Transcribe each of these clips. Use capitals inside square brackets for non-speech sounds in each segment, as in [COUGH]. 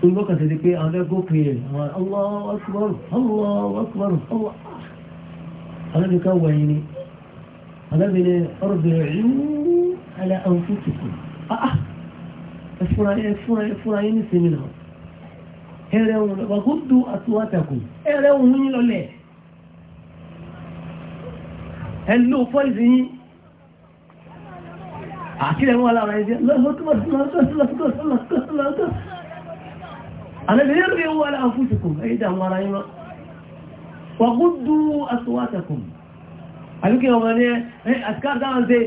tó ń bọ́kàn tẹ́lẹ̀ pé àwọn ẹgbẹ́ rẹ̀ àwọn Allahu Akbar Allahu Akbar ọlọ́ alábìíká wọ ẹyin ni alábìíní ọ̀rọ̀ bẹ̀rẹ̀ ìlú alẹ́ àwọn tó tìkù ẹfúra ẹfúra ẹfúra yín ní sinmi náà ẹrẹ òun lọ fọ́ìsì yín àkílẹ̀ wọn lára ẹ jẹ́ alẹ́bẹ̀ẹ́rẹ̀ wà láàfúsùkùn ẹ̀yídà àwọn ara yíma wàgúdú asọwátàkùn alúkẹ́ ọmọ ní ẹ̀ àtikáàtà wọn tẹ́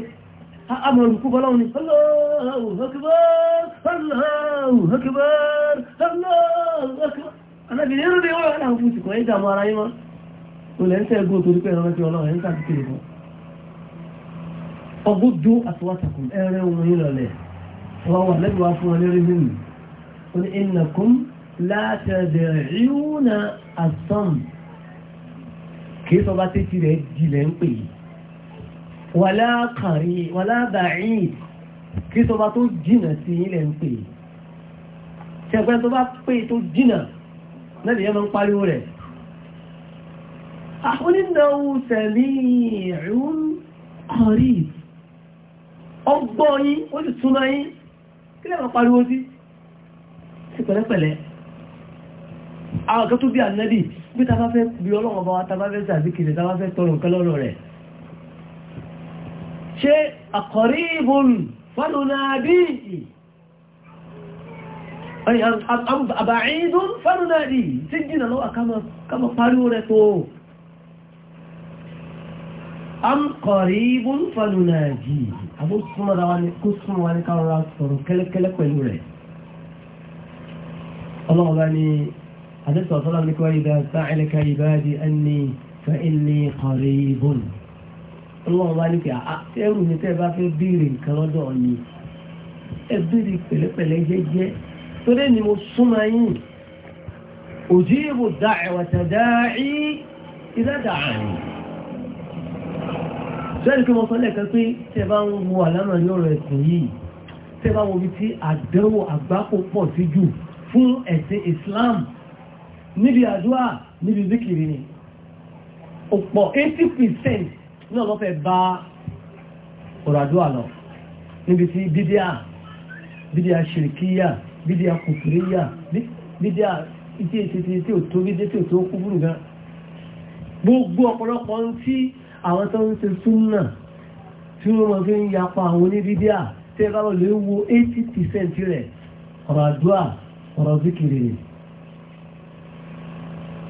amọ̀rùkú bọ́láwọn ni Allahu Akbar Allahu Akbar Allahu Akbar alẹ́bẹ̀ẹ́rẹ̀ wà láàfúsùkùn ẹ̀yídà àwọn ara yíma olè ń sẹ́gun torí pé ẹ̀rọ ti ọlọ́run ẹ̀ ń tàbí kiri fún ọgúdú asọwátàkùn ẹ̀rẹ̀ wọn yìí lọlẹ̀ wọ́n wà lẹ́gbẹ̀ẹ́ fún wọn látẹ̀dẹ̀rìúnà àsán kìí sọ bá tẹ́tì rẹ̀ jìlẹ̀ ń pè wàlábàáyìn kìí sọ bá tó jìnà sí ilẹ̀ ń pè ṣẹ̀gbẹ́ tó bá pè tó jìnà náà lè yẹ́ mọ́ ń pariwo rẹ̀ àkúnínàwó sẹ̀mí ìrún kọrí ọgbọ́ yín ó sì túnmọ́ yín kí lẹ́mọ̀ pariwo sí pẹ̀lẹ́pẹ̀lẹ́ àwọn kan tó bí ànẹ́bì bí ta bá fẹ́ bí ọlọ́run bá wa ta bá fẹ́ sàbíkìlì ta bá fẹ́ tọrọ nǹkan lọ́rọ̀ rẹ̀ ṣe àkọ̀ríbùn fánúnàbí àbàáìdùn fánúnàbí tí jìnà lọ́wà kama pariwo rẹ̀ tó am kọ̀ríbùn fánúnàbí àbó súnmọ́ ọlọ́run bá ní حديث صلى الله عليه وسلم وإذا سألك عبادي أني فإني قريب الله ذلك أعتبر نتابع في بير كردوني البير فلفل جيجي فريني مصمعين أجيب الدعوة داعي إذا دعاني ذلك ما صلى كفي تبان هو لما يورثني تبان وبتي أدعو أبقى فوق فيجو فún أسي إسلام níbi àdúrà níbi zikiri ni ọ̀pọ̀ 80% náà lọ́fẹ́ bá ọ̀rọ̀ àdúrà lọ níbi tí bídíà bídíà ṣìrìkíyà bídíà kùfìríyà bídíà ìtí ètìtì tí ò tó bídíà tí ò tó kúfùrù gan gbogbo ọ̀pọ̀lọpọ̀ ń tí àwọn tó ń se súnnà tí wọ́n mọ̀ fi ń yapa àwọn oníbídíà tẹ́ bá lọ lè wo 80% rẹ̀ ọ̀rọ̀ àdúrà ọ̀rọ̀ zikiri ni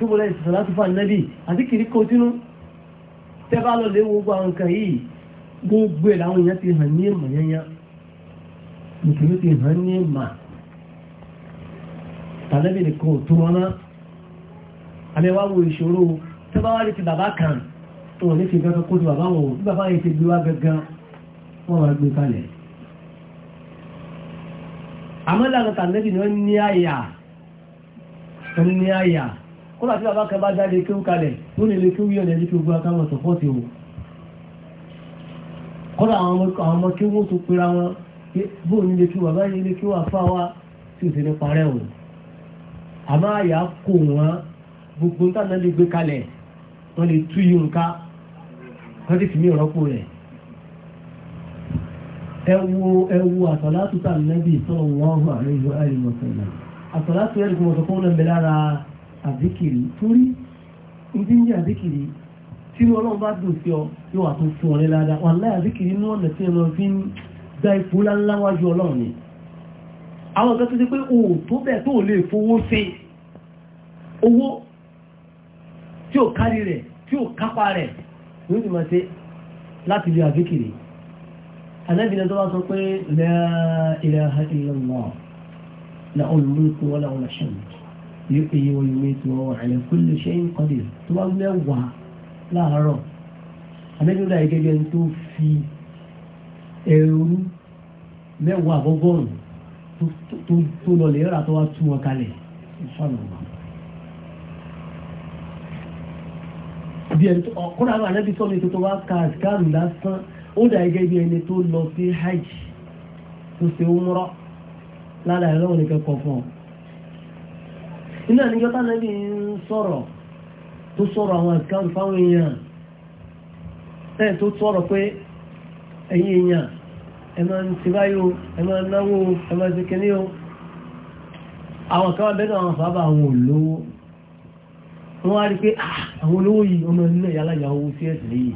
kí mo lẹ́yìn sọ̀rọ̀ láti fà nẹ́bì àti kìrí kó sínú tẹ́ bá lọ lé gbogbo àwọn nǹkan yìí gbogbo ẹ̀ làwọn èèyàn ti hàn ní ìmọ̀ yẹnyẹn nìkìrí ti hàn ní ìmọ̀ tànẹ́bì nìkan ò tó wọn náà alẹ́ wá wo ìṣòro tẹ́ bá wá rí ti bàbá kan tó wọn ní ti gbẹ́kọ̀ kó ti bàbá wọn ò bí bàbá yẹn ti gbé wá gangan wọ́n wá gbé kalẹ̀ àmọ́ làwọn tànẹ́bì ni wọ́n ní àyà wọ́n ní àyà kọ́lá tí bàbá kan bá jáde kí ó kalẹ̀ tó nílé kí ó yẹ̀ lẹ́ni kí ogun akáwọn sọ̀pọ̀tì o kọ́lá àwọn ọmọ kí wọ́n tó pera wọn bóò nílé kí bàbá nílé kí wà fáwa tí ò sì ní parẹ́ o àmọ́ àyà kò wọ́n gbogbo nǹkan náà lè gbé kalẹ̀ wọ́n lè tú yìí nǹkan wọ́n ti fi mí rọ́pò rẹ̀ ẹwu ẹwu àtọ̀látù tàbí nẹ́bí sallallahu alaihi wa sallam àtọ̀látù ẹ̀rùkú mọ̀sọ̀kọ́ náà bẹ̀ lára àzíkìrì torí ibi ń jẹ́ àzíkìrì tí ọlọ́run bá dùn sí ọ yóò wà tó fún ọ ní ládàá wà láì àzíkìrì inú ọ̀nà tí ẹnu fi ń gba ipò ńláńlá wájú ọlọ́run ni àwọn ọ̀gá tó ti pé o tó bẹ̀ tó lè fowó sí owó tí ò kárí rẹ̀ tí ò kápá rẹ̀ ló sì máa ṣe láti lè àzíkìrì àlẹ́bìnrin tó bá sọ pé la ilaha illallah la olùmúlùkù wọ́n làwọn ṣẹ́yìn yíkìyí wọn ìwé tí wọn wà ní kúlù ṣe ń kọ́ dé tó bá mẹ́wàá láàárọ̀ abẹ́dúrà gẹ́gẹ́ tó fi ẹ̀rú mẹ́wàá àbọ́gọ́rùn tó lọ lè rà tó wá tú wọn kalẹ̀ ìfọ̀nàmọ́. bí ẹni tó ọkùnrin àwọn ànábì sọ́mi tó tó wá ka àsìkáàrù lásán ó dà gẹ́gẹ́ bí ẹni tó lọ sí hajj tó ṣe umrah ládàá ẹ̀rọ iná ni yọta náà bí ń sọ̀rọ̀ tó sọ̀rọ̀ àwọn àkáǹ fáwọn èèyàn ẹ̀ tó sọ̀rọ̀ pé ẹ̀yin èèyàn ẹ máa ń ti báyò ẹ máa ń náwó ẹ máa ti kíní o àwọn kan bẹ́ẹ̀ náà fà bá àwọn olówó wọ́n wá rí pé àwọn olówó yìí ọmọ nínú ẹ̀yà alájà owó sí ẹ̀sìn yìí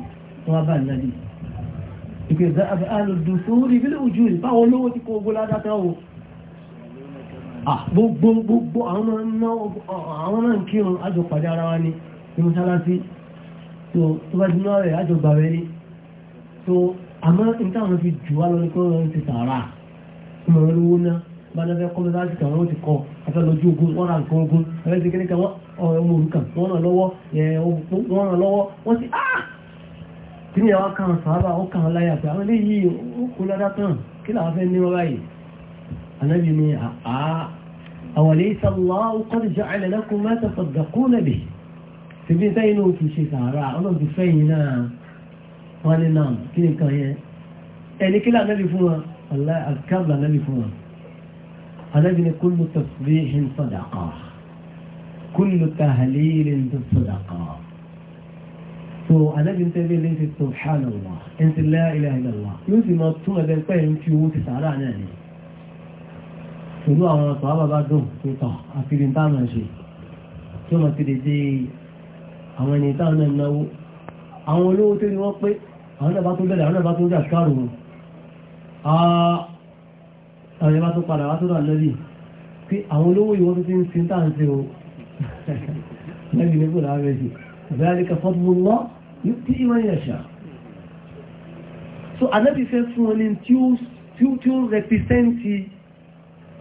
Ah, gbogbo gbogbo àwọn náà ń kírun àjọ pàdé ara wa ní ìmúsálásí tó bá jùlọ rẹ̀ àjọ gbà rẹ̀ ní tó àmọ́ ìtàwọn fi jù wá lọ ní kọ́rọ̀ ń ti tààrà ọmọ olówó náà bá lọ́fẹ́ kọ́ mẹ́sàájì kan wọ́n ti kọ́ afẹ́lójú ogun wọ́n ra nǹkan ogun ẹgbẹ́ ti kékeré kan ọmọ òrukàn wọ́n ràn lọ́wọ́ wọ́n ràn lọ́wọ́ ah! ni àwọn kan sàábà ó kàn láyà pé àwọn eléyìí ó kó ládá tán kí làwọn fẹ́ ní الذي أوليس الله قد جعل لكم ما تصدقون به سبين تينو في شيء سهراء أولاً بفينا والنام كيف كان أنا إيه، كلا نبي فوا الله أكبر نبي فوا الذين كل تصبيح صدقاء كل تهليل صدقاء so أنا تبين ليس سبحان الله انت لا إله إلا الله يوزي ما تطوى ذلك فهم في وقت سهراء نعني pẹ̀lú àwọn ọ̀tọ̀ àbábá dùn tó tọ̀ àfihàn táwọn ẹ̀ṣẹ̀ tí ó mọ̀ sí dédé àwọn ẹni táwọn náà náwó àwọn olówó tó ní wọ́n pé àwọn náà bá tún bẹ̀rẹ̀ àwọn náà bá tún jà káàrù wọn àwọn ẹ̀bá tó padà wá tó dà lẹ́bí pé àwọn olówó ìwọ́n tó ti ń sin táà ń ṣe o lẹ́bí lẹ́bí láàárẹ̀ sí ọ̀bẹ̀ àríkà fọ́dún lọ́ yóò tí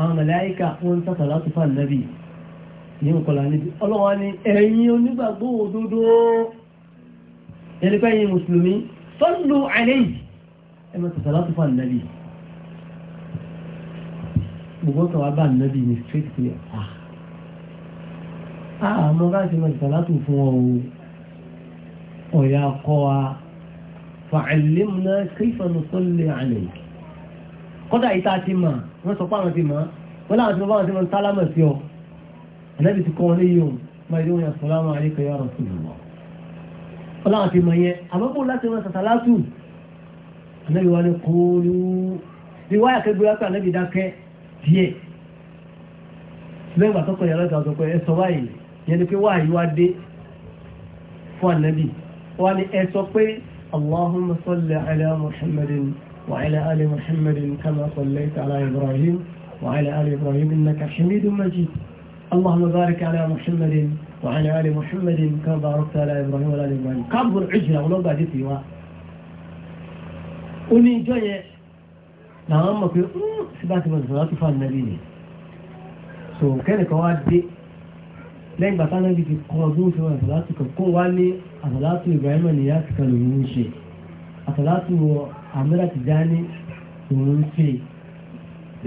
àwọn màláíkà wọ́n ń sàtàlá tó fà nàbì ní ọkọ̀lá níbi ọlọ́wà ni ẹ̀yin onígbàgbọ́ òdodo ẹlẹ́pẹ́yìn mùsùlùmí sọ́lù àlẹ́yìn ẹmọ sàtàlá tó fà nàbì gbogbo kan wá bá nàbì ní straight clear ah, ah mo kọ́dà ìta ti mọ̀ wọ́n sọ páwọn ti mọ̀ wọ́n láwọn ti mọ̀ báwọn ti mọ̀ sálámà sí ọ ẹ̀lẹ́bì ti kọ́ wọn léyìí o máa ilé wọn yà sàlámà àríkà yà rọ̀ sí ìwọ̀ wọ́n láwọn ti mọ̀ yẹn àmọ́kù láti wọn sàtàlátù ẹ̀lẹ́bì wa ni kóòlù bí wáyà kẹgbẹ́ wá pé ẹ̀lẹ́bì dákẹ́ díẹ̀ lẹ́gbà tọ́kọ̀ yàrá ìgbà وعلى آل محمد كما صليت على إبراهيم وعلى آل إبراهيم إنك حميد مجيد اللهم بارك على محمد وعلى آل محمد كما باركت على إبراهيم وعلى آل إبراهيم قبل العجلة ولو بعد فيها أني جاية نعم في سبات من صلاة فالنبي سو kẹ́lẹ̀ kan دي لين lẹ́yìn دي náà ti kọ́ ọdún tí wọ́n àtàlátù kan kó wá ní àmúlá Tijani òun ń ṣe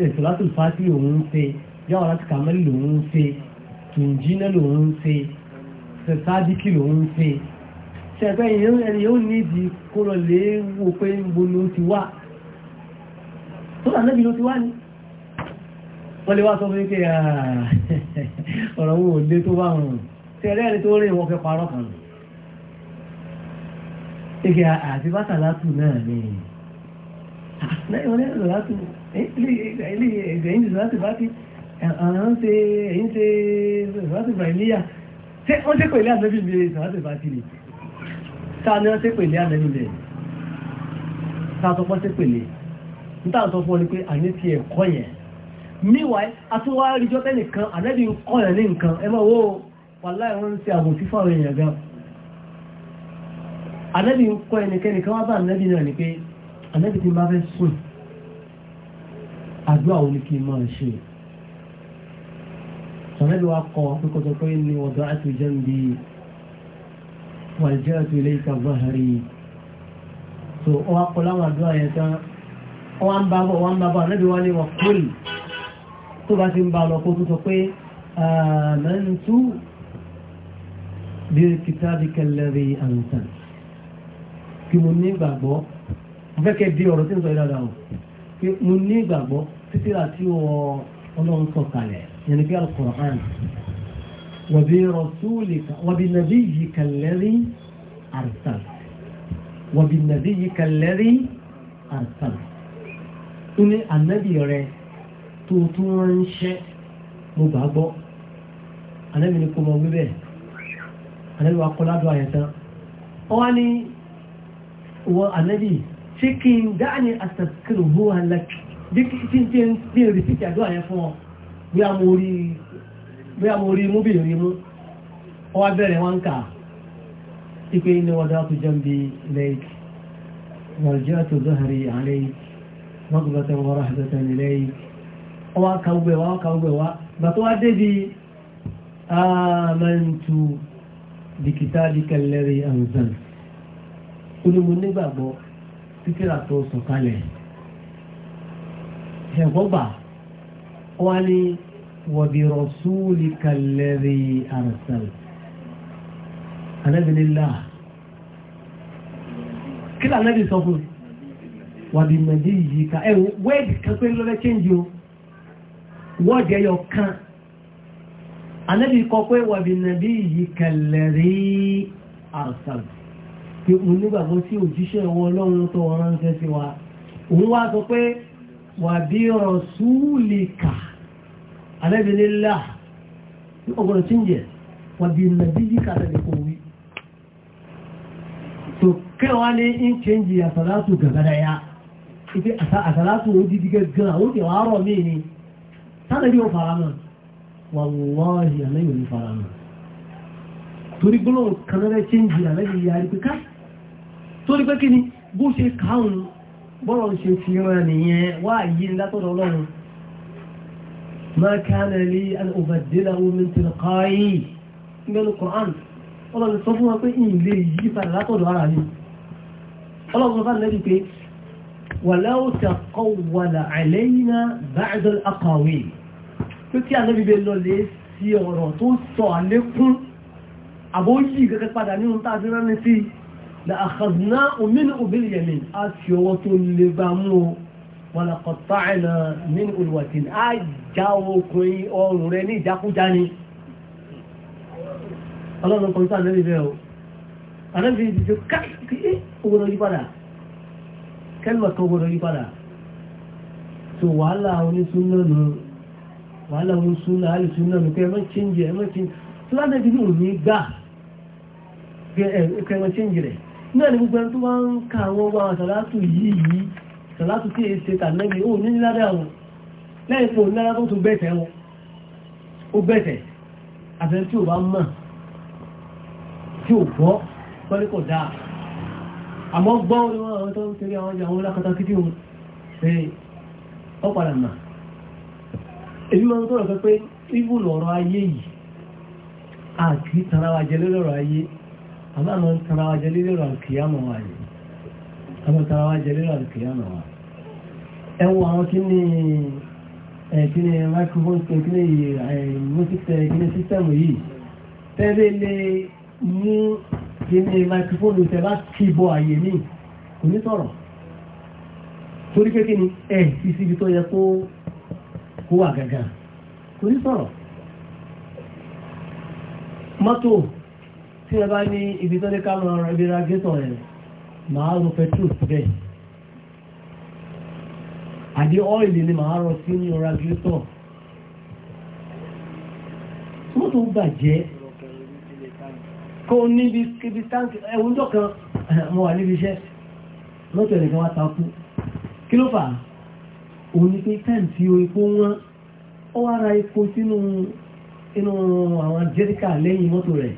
ìsọ̀látò fati òun ń ṣe yàwó láti kàmẹ́lì lòun ń ṣe tùǹjínà lòun ń ṣe sẹ́sáàdìkì lòun ń ṣe ṣẹ̀fẹ́ ẹni yóò ní ìdí kó lọ lè pé gbogbo ni ó ti wà tó là náà bí ló ti wà ní wọ́n lè wá sọ fún pé ọ̀rọ̀ wo lè tó bá wọn tẹ̀lé ẹni tó rìn wọn fẹ́ parọ́ kan ní. àti bàtàlátù náà ni lẹ́yìn oní ẹ̀rọ láti ilé ẹ̀yìn ìlú láti bá ti àwọn ṣe ẹ̀yìn ṣe láti bá ilé yà ṣé wọ́n ṣe pèlè ànábì mi láti bá ti lè ta ni wọ́n ṣe pèlè ànábì mi ta sọ pọ́ ṣe pèlè níta sọ fún ọ ni pé àní ti ẹ̀kọ́ yẹn meanwhile atúwá ríjọ́ tẹ́nìkan ànábì ń kọ́ yẹn ní nǹkan ẹ máa wò ó wàláì wọ́n ń ṣe àbòsí fáwọn èèyàn gan ànábì ń kọ́ ẹnikẹ́ni kan wá bá ànábì náà ni pé ànábì tí bá fẹ́ sùn àdúrà òní kí n máa ṣe sọ̀rẹ́lì wa kọ pẹ́kọ̀tọ̀ pé ní ọ̀dọ́ àti jẹ́ǹbi wàjẹ́ àti ilé ìka zahari so ọ wa kọ láwọn àdúrà yẹn tán ọ wa ń bá bọ̀ ọ wa ń bá bọ̀ ànábì wa ní wà kúrì tó bá ti ń bá lọ kó tó sọ pé àmẹ́ntú bí kìtàbí kẹlẹ́rì àǹtàn kí mo ní ìgbàgbọ́ mo fẹ́ kẹ́ di ọ̀rọ̀ tí ń sọ yìí dáadáa o pé mo ní ìgbàgbọ́ títí àti ọlọ́run sọ kalẹ̀ yẹn ni pé alukur'an wàbí rọ̀túlì wàbí nàbí yìí kàlẹ́rì àrùsàn wàbí nàbí yìí kàlẹ́rì àrùsàn ó ní ànábì rẹ tó tún ránṣẹ́ mo gbàgbọ́ ànábì ni kò mọ wí ànábì wa kọ́ ládùn àyẹ̀tán ọ wá ní wọ ànábì ṣé kí n dá ní àtàkìrò bó wà lẹ́kì bí kí n ṣe ń rí sí ìjàdó àyẹn fún ọ bóyá mo rí mú bí rí mú ọ wá bẹ̀rẹ̀ wọn kà ipe ní wọ́n dáa tó jẹun bí lẹ́yìn wàlùjẹ́ tó zọ́hàrí àlẹ́yìn wọ́n gbọ́dọ̀ tẹ́wọ́ ọ̀rọ̀ àdọ́tẹ́ ní lẹ́yìn ọ wá ka gbẹ̀ wá ka gbẹ̀ wá gbà wá débi àmàntu bìkítà bìkẹ́lẹ́rì àǹzàn olùmọ̀ nígbàgbọ́ títírà tó sọ̀kalẹ̀ ẹ̀gbọ́gbà wọ́n ní wọ̀bí rọ̀súlì kàlẹ́rì àrùsàl anábìlélà kí ló anábì sọ fún wọ̀bí mẹ́dí yìí ká ẹ̀wọ̀n wẹ́ẹ̀dì kan pé chẹ́ǹjì o wọ́ọ̀dì ẹyọ kan anábì kọ pé wọ̀bí mẹ́dí yìí kàlẹ́rì àrùsàl pé mo nígbàgbọ́ sí òjíṣẹ́ wọn ọlọ́run tó ránṣẹ́ sí wa òun wá sọ pé wà bí ọ̀rọ̀ súúlìkà alẹ́bìnilá ní ọgbọ̀nà tí ń jẹ wà bí nàbíyíkà tẹ́lẹ̀ kò wí tó kẹwa ní ń kéńjì àsàlátù gàgàdà ya ipe àsàlátù ó dídí gẹ́gẹ́ àwọn òkè wà rọ̀ mí ni sáré yóò fara mọ́ wàlúwàhì alẹ́ yóò fara mọ́ torí gbọ́dọ̀ kanáà kéńjì alẹ́ yìí yarí pé káà torí pé kí ni bó ṣe káhùn bọ́rọ̀ ṣe fi rán nìyẹn wá yí látọ̀dọ̀ ọlọ́run ma kana li an ubaddilahu min tilqa'i nínú Qur'an ọlọ́run sọ fún wa pé ìlé yìí padà látọ̀dọ̀ ara mi ọlọ́run sọ fún lẹ́bi pé walau taqawwala alayna لأخذناه منه باليمين أتشو لبامو ولقد طعنا منه الوتين أجاو كوي أوريني جاكو جاني الله لو كنت أنا بيبيو أنا بيبيو كي أورو يبالا كلمة كورو يبالا سو وعلا هوني سنة wàhálà wọn súnà àlè súnà nìkan ẹmọ chíńjì ẹmọ chíńjì tó bá dẹ̀ bí òní كيما kẹmọ náà ni gbogbo ẹni tó bá ń ka àwọn ọgbà àwọn sàlátù yìí yìí sàlátù tí èyí ṣe tànẹ́bí ó ní ládẹ́ àwọn lẹ́yìn fún onílára tó tún bẹ̀tẹ̀ wọn ó bẹ̀tẹ̀ àbẹ̀rẹ̀ tí ò bá mọ̀ tí ò gbọ́ pẹ́lú dáa àmọ́ gbọ́ ni wọ́n àwọn tó ń tẹ̀lé àwọn ọjà àwọn lákàtà kí tíun ṣe ọ padà mà èyí máa ń tọrọ pé pé ibùn àbá àwọn tarawa jẹ lílẹ̀rọ àkìyàmọ̀ wa yìí àwọn tarawa jẹ lílẹ̀rọ àkìyàmọ̀ wa ẹ wo àwọn kí ni kí ni microphone kí ni music kí ni system yìí tẹ́lẹ̀ lè mú kí ni microphone tẹ́ bá kíbọ̀ àyè mi kò ní sọ̀rọ̀ torí pé kí ni ẹ̀ ìsibi tó yẹ kó wà gàgà kò ní sọ̀rọ̀ mọ́tò tí ẹ bá ní ibi tó ní ká mọ ibi ra gétọ̀ rẹ̀ máa rọ petrol síbẹ̀ àdí ọ́ìlì ni máa rọ sí ní ra gétọ̀ tó tó gbàjẹ́ kó níbi kíbi táǹkì ẹ̀wùn jọ kan mo wà níbi iṣẹ́ lọ́tọ̀ ẹ̀lẹ̀ kan wá takú kí ló fà òun ni pé táǹtì epo wọn ó wá ra epo sínú inú àwọn jẹ́ríkà lẹ́yìn mọ́tò rẹ̀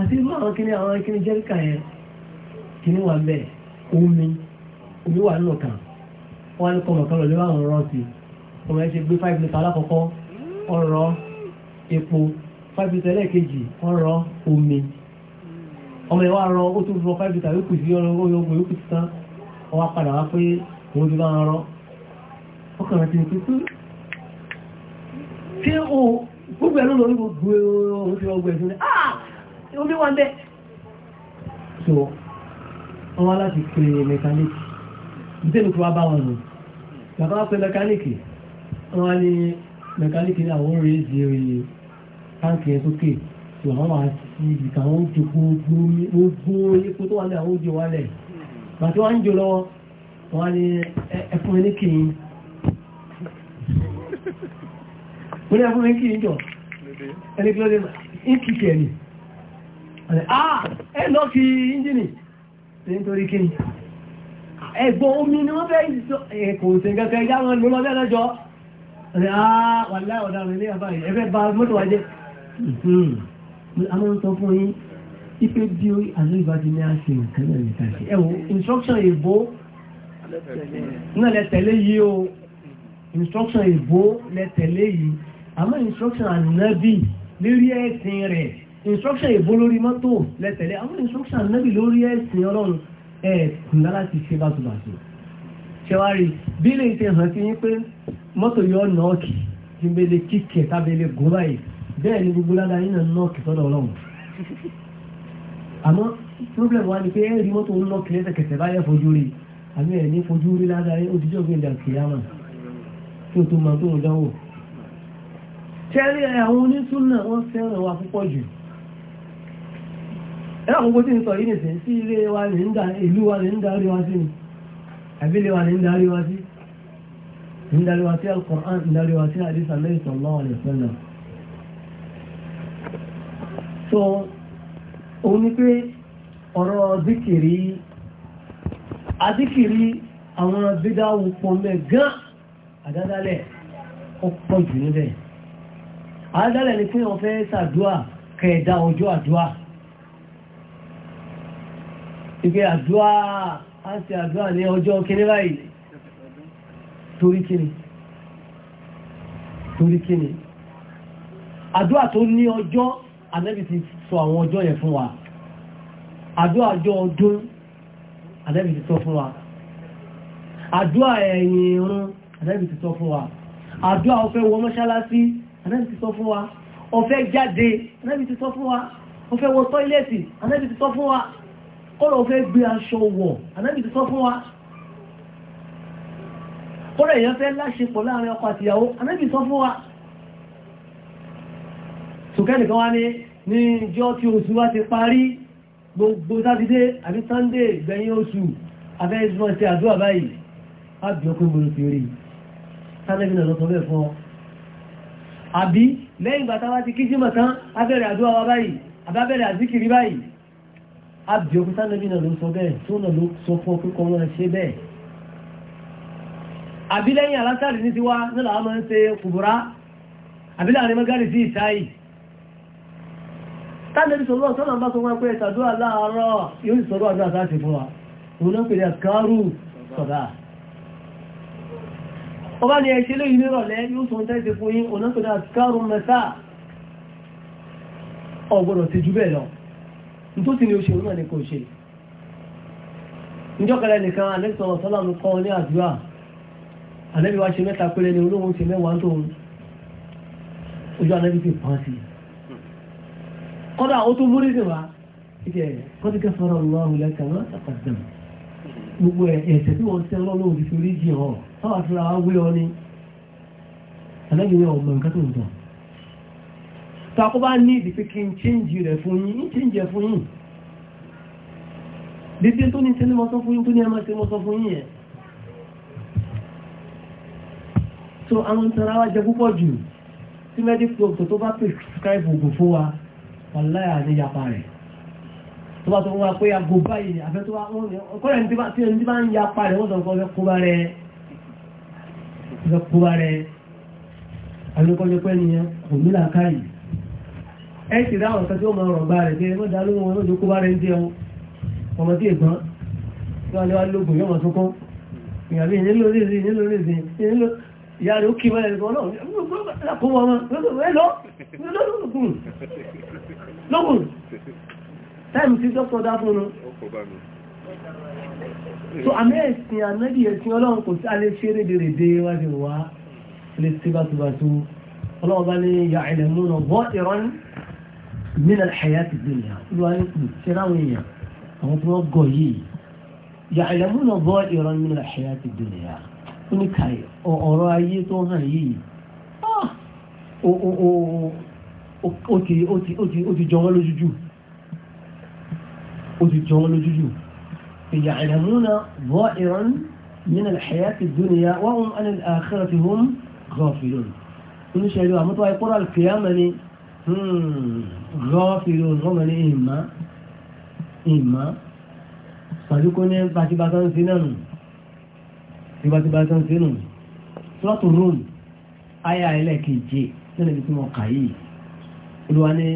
àti irú àwọn kíní àwọn kíní jẹ́ríkà yẹn kíní wà ń bẹ̀ omi omi wà nínú kan wọ́n á ní kọ́ mọ̀kánlọ̀ lé àwọn ọ̀rọ̀ sí ọmọ ẹ̀ ṣe gbé five litre alákọ̀ọ́kọ́ ọ̀rọ̀ epo five litre ẹlẹ́ẹ̀kejì ọ̀rọ̀ omi ọmọ ẹ̀ wá rọ ó tún rọ five litre yókù sí ọ̀rọ̀ ogun yókù sí tán ọwọ́ padà wá pé òun ti bá wọn rọ ọkàn rẹ̀ ti ní pípé tí ó hmm, gbogbo ẹ̀ ló lọ ní gbogbo ohun tí wọ́n gbẹ̀ sí ní ah omi wà bẹ́ẹ̀. so wọ́n wá láti pe mẹkáníìkì nítorí tí wọ́n bá wọn nù bàbá wa pe mẹkáníìkì wọ́n wá ní mẹkáníìkì náà wọ́n rèé di oyè táǹkì yẹn sókè tó àwọn wà sí ibi kan wọ́n jò gbogbo epo tó wà ní àwọn oúnjẹ wálẹ̀ bàtí wọ́n ń jò lọ́wọ́ wọ́n ní ẹfún ní kí yín wọ́n ní ẹfún ní kí yín jọ ẹni kí ló dé ní kìkẹ́ ni. Ah, ẹ lọ fi ìjìnì nítorí kí ah, ẹgbọ́n omi ni wọ́n fẹ́ kò sí kẹ́kẹ́ ìyá wọn ló lọ́bẹ́ lọ́jọ́ ah, wà láì ọ̀daràn ilé àbáyé ẹfẹ́ bá mọ́tò wájẹ́ hmm, hmm, a máa ń sọ fún yín ipe bí ó àlọ́ ìbájú ní àṣẹ nǹkan náà nìkan ṣe ẹ̀wọ̀ instruction ìbò náà lẹ́tẹ̀lé yìí o instruction ìbò lẹ́tẹ̀lé yìí àmọ́ instruction ànábì lérí ẹ̀sìn rẹ̀ instruction ìbó lórí mọ́tò lẹ́tẹ̀lẹ́ àwọn instruction nẹ́bì lórí ẹ̀sìn ọlọ́run ẹ̀ kùnlá láti ṣe bàtùbàtù ṣẹwárí bí lè ṣe hàn sí yín pé mọ́tò yọ nọ́ọ̀kì tí ń bẹ́lẹ̀ kíkẹ̀ tábẹ́lẹ̀ gùn báyìí bẹ́ẹ̀ ni gbogbo ládàá yín náà nọ́ọ̀kì sọ́dọ̀ ọlọ́run àmọ́ problem wa ni pé ẹ̀rí mọ́tò ń nọ́ọ̀kì lẹ́sẹ̀kẹsẹ̀ báyẹ̀ fojú rí àmì ẹ̀ ní fojú rí ládàá yín òjijì ọ̀gbìn dàkìyàmà tí o tó máa ẹ̀rọ àkókò tí ń sọ yìí nìsín sí ilé wa ní ń ìlú wa ní ń sí ni àbí wa ní ń sí sí sí so o ni pé ọ̀rọ̀ zikiri adíkiri àwọn bídáwò pọ̀ àdádálẹ̀ jù níbẹ̀ àdádálẹ̀ ni pé wọ́n fẹ́ kẹ̀ẹ̀dá ọjọ́ ìgbé àdúrà á ti àdúrà ní ọjọ́ kíní báyìí torí kíní torí kíní àdúrà tó ní ọjọ́ Ànábì ti sọ àwọn ọjọ́ yẹn fún wa àdúrà ọjọ́ ọdún Ànábì ti sọ fún wa àdúrà ẹ̀yìn irun Ànábì ti sọ fún wa àdúrà ó fẹ́ wọ mọ́ṣáláṣí Ànábì ti sọ fún wa ó fẹ́ jáde Ànábì ti sọ fún wa ó fẹ́ wọ tọ́ílẹ̀tì Ànábì ti sọ fún wa kọ́lọ̀ fẹ́ gbé aṣọ wọ̀ ànábì ti sọ fún wa kọ́lọ̀ èèyàn fẹ́ láṣepọ̀ láàrin ọkọ àtìyàwó ànábì sọ fún wa sùkẹ́nìkan wá ní ní ìjọ tí oṣù wa ti parí gbogbo sátidé àbí sunday gbẹ̀yìn oṣù abẹ́ ìṣúná ti àdúrà báyìí á bí ọkùnrin gbòòrò ti rí sátẹ́bí náà lọ́sọ bẹ́ẹ̀ fún ọ àbí lẹ́yìn bàtà wá ti kí sí mọ̀tán abẹ́rẹ̀ àdúrà wa báyìí àbábẹ́rẹ̀ àzíkiri báyìí àbí òkúta nàbí náà ló sọ bẹ́ẹ̀ tó náà ló sọ fún ọkùnkọ́ wọn ṣe bẹ́ẹ̀ àbí lẹ́yìn alásàrì ní tiwa náà làwọn máa ń ṣe kùbùrá àbí láàrin mọ́gàrí sí ìsáyì tánàbí sọ̀rọ̀ sọ́nà bá sọ wọn pé ìtàdúrà láàárọ̀ yóò sì sọ̀rọ̀ àdúrà sáà ti fún wa òun náà pèlè àkárù sọ̀dá ọba ni ẹ̀ṣẹ́ lóyìn nírọ̀lẹ́ yóò sọ tẹ́ ti fún yín òun náà pèlè àkárù mẹ́sà ọgbọ̀nà ti jù bẹ́ẹ̀ lọ tó sì ní oṣù náà ní kò ṣe ìjọkẹrẹ nìkan alẹ́sọ̀rọ̀ sọ́làmù kọ́ ní àdúrà àlẹ́bí wa ṣe mẹ́ta péré ni olóhùn ṣe mẹ́wàá tó ń ojú àlẹ́bí ti pọ́n sí kọ́dà ó tó múrí sí wa ìjẹ́ kọ́dí kẹfọ́rọ̀ lọ́hùn lẹ́kàn náà àpàdé gbogbo ẹ̀ṣẹ̀ tí wọ́n ṣe ọlọ́run òdìfẹ́ orí jì hàn táwọn afẹ́ra wa wé ọ ní àlẹ́bí ni ọmọ tako bá ní ìdífẹ́ kí n chíǹjì rẹ̀ fún yín ní chíǹjì ẹ̀ fún yín dídí tó ní tí ní mọ́sán fún yín tó ní ẹmọ́ sí mọ́sán fún yín ẹ̀ so àwọn tara wá jẹ púpọ̀ jù tí medic doctor tó bá prescribe oògùn fún wa wàláyà ní yapa rẹ̀ tó bá tó wá pé aago báyìí àfẹ́ tó wá wọ́n ní ọkọ̀rẹ́ tí ẹni tí bá ń yapa rẹ̀ wọ́n sọ fún ọ kó ẹ sì dá àwọn kan tí ó máa rọ̀ bá rẹ̀ jẹ́ mọ́dá ló wọn lójú kó bá rẹ̀ ń jẹ́ wọn ọmọ tí ègbọ́n tí wọ́n lé wá lóògùn yóò mọ̀ tó kọ́ ìyàbí ìyẹ́lò rí sí ìyẹ́lò rí sí ìyẹ́lò ìyá rẹ̀ ó kí wọ́n ẹ̀rọ náà kó wọn lọ lókùn táìmù tí dókítà dá fún un so àmì ẹ̀sìn ànábì ẹ̀sìn ọlọ́run kò sí alẹ́ ṣe rédèrèdè wá sí wá lè ṣe bàtúbàtú ọlọ́run bá ní ìyá ìlẹ̀mú náà bọ́ ìrọ́ni من الحياة الدنيا وأنتم سراوية ومتوقعي يعلمون ظاهرا من الحياة الدنيا ونكاي وأرايتها هي آه ó ti ó ti ó ti ó ti jọ wọ́n lójújú ó ti jọ wọ́n lójújú يعلمون ظاهرا من الحياة الدنيا وهم عن الآخرة هم غافلون oníṣẹ́lú àmọ́tọ́ ayé kọ́ra alkiyama ni rọ́ọ̀fìrì hmm. ọ̀rọ̀ ní ìmá ìmá pàdúkú ní bàtíbàtà ń sí náà ní bàtíbàtà ń sí nù slọ́tù rúm ayà ẹlẹ́kẹ̀ẹ́jẹ́ nínú ibi tí wọ́n kà yìí olúwa ní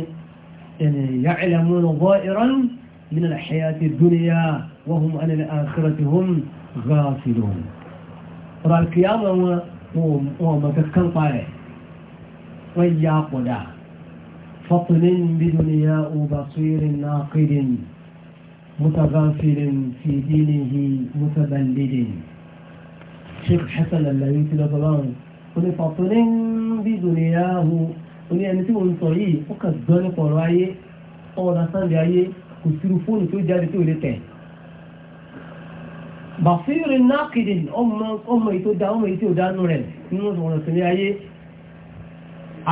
ẹni ìyá ẹlẹ́mú lọ́gọ́ ìrọ́n nínú àṣẹyà ti dúnìyà wọ́n hùm ẹni àkẹrẹ ti hùm فطن بدنياء بصير ناقد متغافل في دينه متبلد شيخ حسن الليثي لطبعاً قل فطن بدنياه قل يعني tí wọ́n sọ yìí ó kà gbọ́ nípa ọ̀rọ̀ ayé ọ̀rọ̀ sáńdẹ̀ ayé kò sírú fóònù tó jáde tó lè tẹ̀. bàfíìrì nákìdì ọmọ èyí tó dá ọmọ èyí tó dánú rẹ̀ nínú ọ̀rọ̀ sí ayé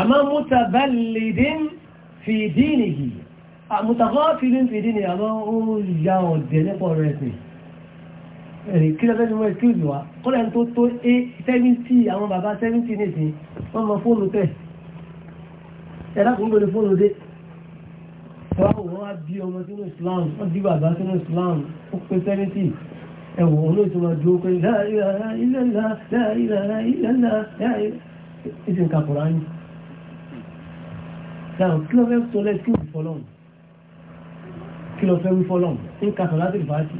àmọ́ mutabalidin fi dínì yìí àmútàkọ́fìlì fi dínì àwọn olùyà ọ̀dẹ̀ nípa ọ̀rọ̀ ẹ̀sìn ẹ̀rì kí lọ́fẹ́ ni wọ́n ẹ̀kíùsì wa kọ́lẹ̀ tó tó é 70 àwọn bàbá 70 nìsín wọ́n mọ fóònù tẹ̀ ẹ̀dákùn lórí fóònù dé wọ́n wọ́n bí ọmọ sínú Islam wọ́n bí bàbá sínú Islam ó pé 70 ẹ̀wọ̀n olóòtúmọ̀ dúró pé láàrín ilẹ̀ ńlá láàrín ilẹ̀ ńlá láàrín ìsìnkà kùránì dáhùn kí lọ fẹ́ tó lẹ́sí ìfọlọ́hùn kí lọ fẹ́ wí fọlọ́hùn ń kàtọ̀ láti ìfàájì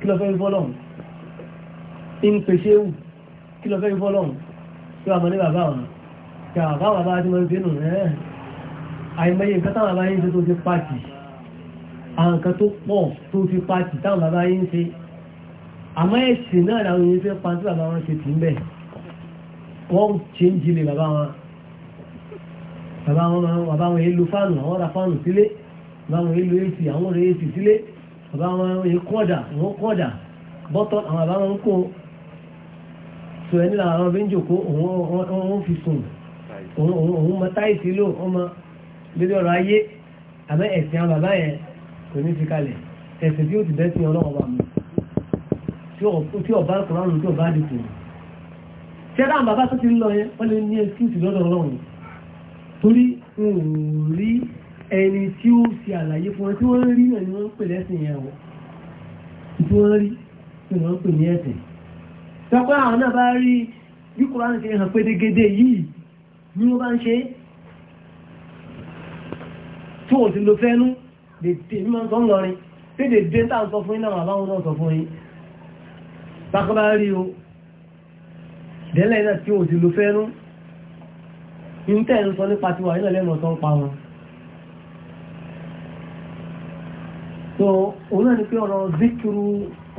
kí lọ fẹ́ wí fọlọ́hùn ń pèsè wù kí lọ fẹ́ wí fọlọ́hùn tí wà mọ́ ní bàbá wọn kí àwọn bàbá bá ti mọ́ ń dénú ẹ́ àìmọye nǹkan táwọn bàbá yín sont tó en pàtì àwọn nǹkan tó pọ̀ tó fi pàtì táwọn bàbá yín ṣe àmọ́ ẹ̀sìn náà làwọn yìí fẹ́ pa tí bàbá wọn ṣe tì ń bẹ̀ wọ́n ṣe ń jilè bàbá wọn bàbá wọn bàbá wọn èlò fáànù àwọn ra fáànù sílé bàbá wọn èlò èsì àwọn ra èsì sílé bàbá wọn èlò kọ́ọ̀dà àwọn kọ́ọ̀dà bọ́tọ̀ àwọn bàbá wọn kó sọ ẹni làwọn àwọn bẹ́ẹ̀ ń jòkó òun fi sùn òun mọ táìsì lò ọmọ lórí ọ̀rọ̀ ayé àmọ́ ẹ̀sìn àwọn bàbá yẹn kò ní fi kalẹ̀ ẹ̀sìn tí ó ti bẹ́ẹ̀ sí ọlọ́wọ́ bàbá tí ọba kọ̀ọ̀rọ̀ tí ọba dìkù tí ẹ torí wọn ò rí ẹni tí ó ṣe àlàyé fún wọn tí wọ́n rí náà ni wọ́n ń pè lẹ́sìn yẹn wọ̀ tí wọ́n rí tí wọ́n ń pè ní ẹ̀sìn sọpẹ́ àwọn náà bá rí bí kòránì ṣe hàn pédégédé yìí ní wọ́n bá ń ṣe tí wọ́n ti lo fẹ́nu dèdè mímọ́ sọ ń lọrin tí dèdè tá à ń sọ fún yín náà àbáwọn náà sọ fún yín bákan bá rí o dẹ́lẹ̀ náà tí wọ́n ti lo fẹ́nu ní tẹ́ ń sọ nípa ti wà nílẹ̀ lẹ́nu ọ̀tọ́ ń pa wọn so òun ni pé ọ̀rọ̀ zikiru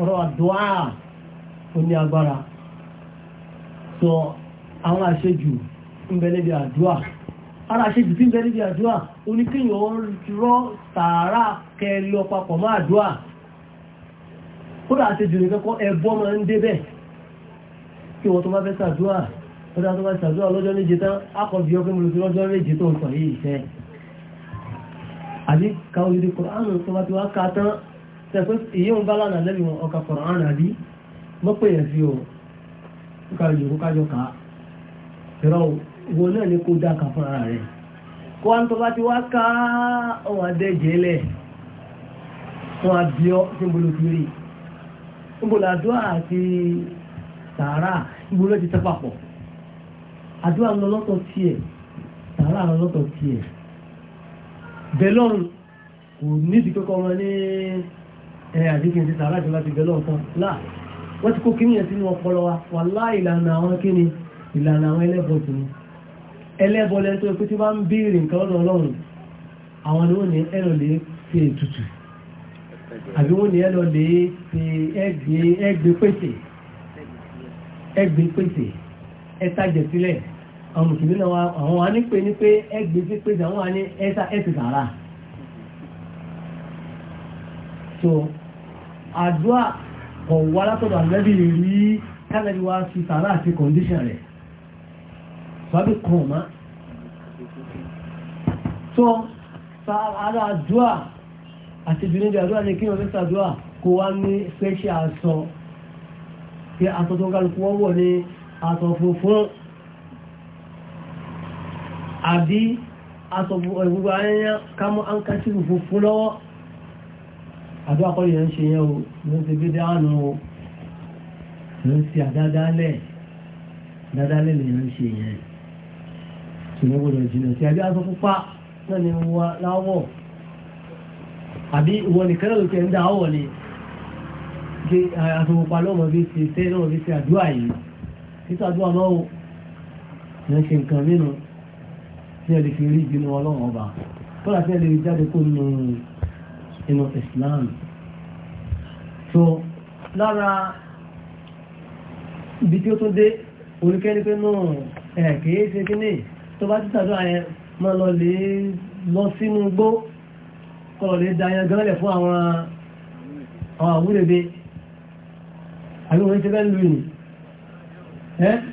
ọ̀rọ̀ àdúà ó ní agbára so àwọn àṣejù ń bẹ níbi àdúà ara àṣejù tí ń bẹ níbi rọ kẹlọ papọ̀ mọ́ àdúà kódà àṣejù nìkan kọ́ máa ń débẹ̀ kí wọ́n tó fẹ́ kódà tó bá ṣàdúrà lọ́jọ́ méje tán akọ̀bí ọkọ̀ mọ̀lùsí lọ́jọ́ méje tó ń sọ yìí ìfẹ́ àbí káwọn ìdí kọ̀ránù tó bá ti wá ká tán tẹ̀kọ́ ìyóhun bá lánàá lẹ́bi wọn ọkà kọ̀ránù àbí mọ́pẹ́ yẹn fi ọ̀ kíkà yòókù kájọ ni kó dáka fún ara rẹ̀ kó wá tó bá ti wá ká ọ̀hún adẹ́jẹ́lẹ̀ wọn àbíọ́ tí ń bolo kiri àti sàárà ń ti tẹ́ àdúrà ń lọ lọ́tọ̀ tiẹ̀ tààrà ń lọ lọ́tọ̀ tiẹ̀ bẹ́lọ́run kò nídi kọ́kọ́ wọn ní ẹ̀ àdíkìn ti tààrà ìjọba ti bẹ́lọ́run tán láà wọ́n ti kó kíní yẹn sínú ọpọlọ wa wà láà ìlànà àwọn kíni ìlànà àwọn ẹlẹ́bọ̀ tó ní ẹlẹ́bọ̀ lẹ́nu tó pé tí wọ́n ń béèrè nǹkan lọ́dọ̀ ọlọ́run àwọn ni wọ́n ní ẹ̀rọ lè fi ètùtù àbí wọ́n ní ẹ̀rọ lè fi ẹgbẹ́ pèsè ẹgbẹ́ pèsè ẹtajẹ̀ àwọn mùsùlùmí náà àwọn wa ní pé ní pé ẹgbẹ́ sí pé àwọn wa ní ẹ̀sà ẹ̀sì sàrà so àdúrà kọ̀ wá látọ̀dọ̀ àgbẹ̀bí rí kálẹ̀bí wa fi sàrà àti kọ̀ndíṣàn rẹ̀ sọ́bí kan ọ̀má so ara àdúrà àti ìbínú bí àdúrà ní kí wọ́n sàdúrà kó wá ní fẹ́ ṣe àṣọ pé aṣọ tó ń kálukú wọ́n wọ̀ ní aṣọ funfun àbí aṣọ gbogbo ayẹyẹ kámú ankásírù funfun lọ́wọ́ àbí akọ́lẹ̀ yẹn ń ṣe yẹn o ló ń ṣe bí dáhùn o ló ń ṣe àdádálẹ̀ àdádálẹ̀ lè ń ṣe yẹn ṣùgbọ́n gbọ́dọ̀ jìnnà sí àbí aṣọ pupa náà ni wọ́n láwọ̀ àbí ìwọ nìkan náà ló ti ń dá àwọ̀ ni ṣe aṣọ pupa lọ́mọ bí ṣe tẹ́ lọ́mọ bí ṣe àdúrà yìí títà àdúrà náà ó lè ṣe nǹkan mìíràn tí ẹ lè fi rí ìbínú ọlọ́run ọba kọ́lá tí ẹ lè jáde kó nu inú Islam so lára ibi tí ó tún dé oríkẹ́ni pé náà ẹ̀ kìí ṣe kí ní tó bá títàdó àyẹn mọ́ lọ lè lọ sínú gbó kọ́lọ̀ lè da ayan gánlẹ̀ fún àwọn àwúrẹ́bẹ́ àbí wọ́n ti bẹ́ẹ̀ lù ní ẹ́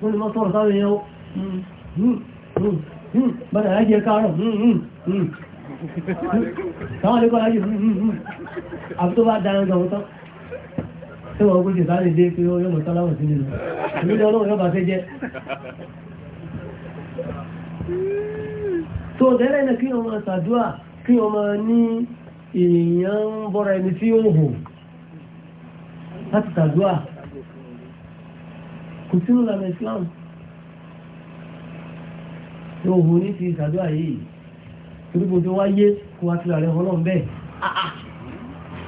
wọ́n ni wọ́n sọ̀rọ̀ sáwọn èèyàn ó bọ́dà láyé káàrọ̀ táwọn lẹ́kọ́ láyé àbí tó bá dára ọjọ́ ọ̀tọ́ tí wọ́n gbé sáré dé pé yóò mọ̀ sáláwọ̀ sí nínú ìlú ọlọ́run yóò bá fẹ́ jẹ́ tó tẹ́lẹ̀ ní kí ọmọ sàdúà kí ọmọ ní èèyàn bọ́ra ẹni tí ó hù láti sàdúà kò sínú ìlànà Islam tí òun ní ti ìsàdúrà yìí torípò tí wá yé kó wá tìlà rẹ̀ ọlọ́run bẹ́ẹ̀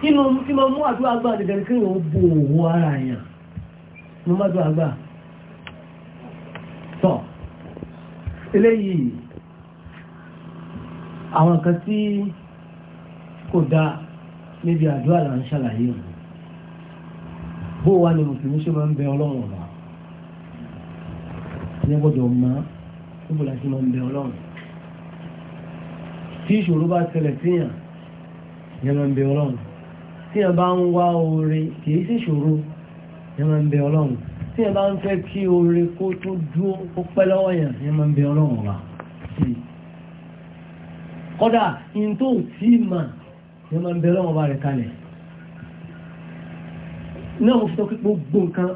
nínú tí máa mú àdúrà gbà dẹ̀dẹ̀ kí wọ́n bo òwò ara èèyàn mo má dúrà gbà tọ́ eléyìí àwọn kan tí kò dáa níbi àdúrà là ń ṣàlàyé bó wà ní mùsùlùmí ṣe máa ń bẹ ọlọ́run ọ̀la ní gbọ́dọ̀ mọ́ níbo la ti máa ń bẹ ọlọ́run tí ìṣòro bá ṣẹlẹ̀ síyàn yẹn máa ń bẹ ọlọ́run tíyàn bá ń wá oore kì í sí ìṣòro yẹn máa ń bẹ ọlọ́run tíyàn bá ń fẹ́ kí oore kó tó dúró kó pẹ́ lọ́wọ́ yẹn yẹn máa ń bẹ ọlọ́run wa kódà in tó tí mà yẹn máa ń bẹ ọlọ́run wa rẹ̀ kalẹ̀ náà mo fi tọ́ pé gbogbo nǹkan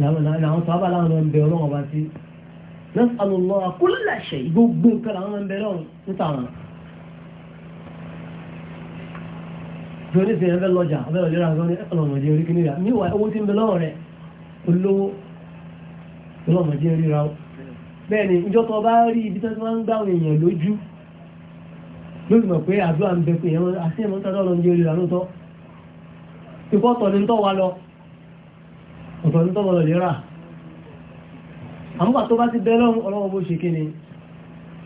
làwọn tó bá láwọn ọmọ ẹ̀rọ ọba tí lọ́sàlọ́lọ́ akúlẹ̀ṣẹ̀ gbogbo nǹkan àwọn ọmọ ẹ̀rọ ń tàwọn tó ní sèyàn fẹ́ lọ́jà abẹ́ òlera àwọn ọlọ́mọdé orí kìnìyà níwà owó tí ń bẹ lọ́wọ́ rẹ̀ olówó ọlọ́mọdé orí ra ó bẹ́ẹ̀ ni ìjọ tó bá rí ibi tó máa ń gbá àwọn ni ń tọ́ wa lọ ọ̀tọ̀ ní tọ́gbọ̀dọ̀ lè rà àwọn tó bá ti bẹ́ lọ́rùn ọlọ́wọ́ bó ṣe kí ni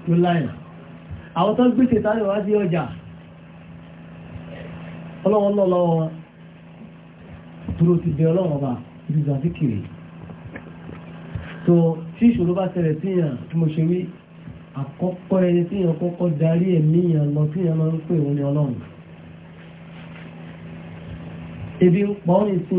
ló láìnà àwọn tó gbé tètàlẹ̀ wá sí ọjà ọlọ́wọ́ lọ́wọ́ dúró ti bẹ ọlọ́wọ́ bá ìdúzà sí kiri so tí ìṣòro bá ṣẹlẹ̀ sí yàn tí mo ṣe wí àkọ́kọ́ ẹni tí yàn kọ́kọ́ darí ẹ̀mí yàn lọ tí yàn máa ní sí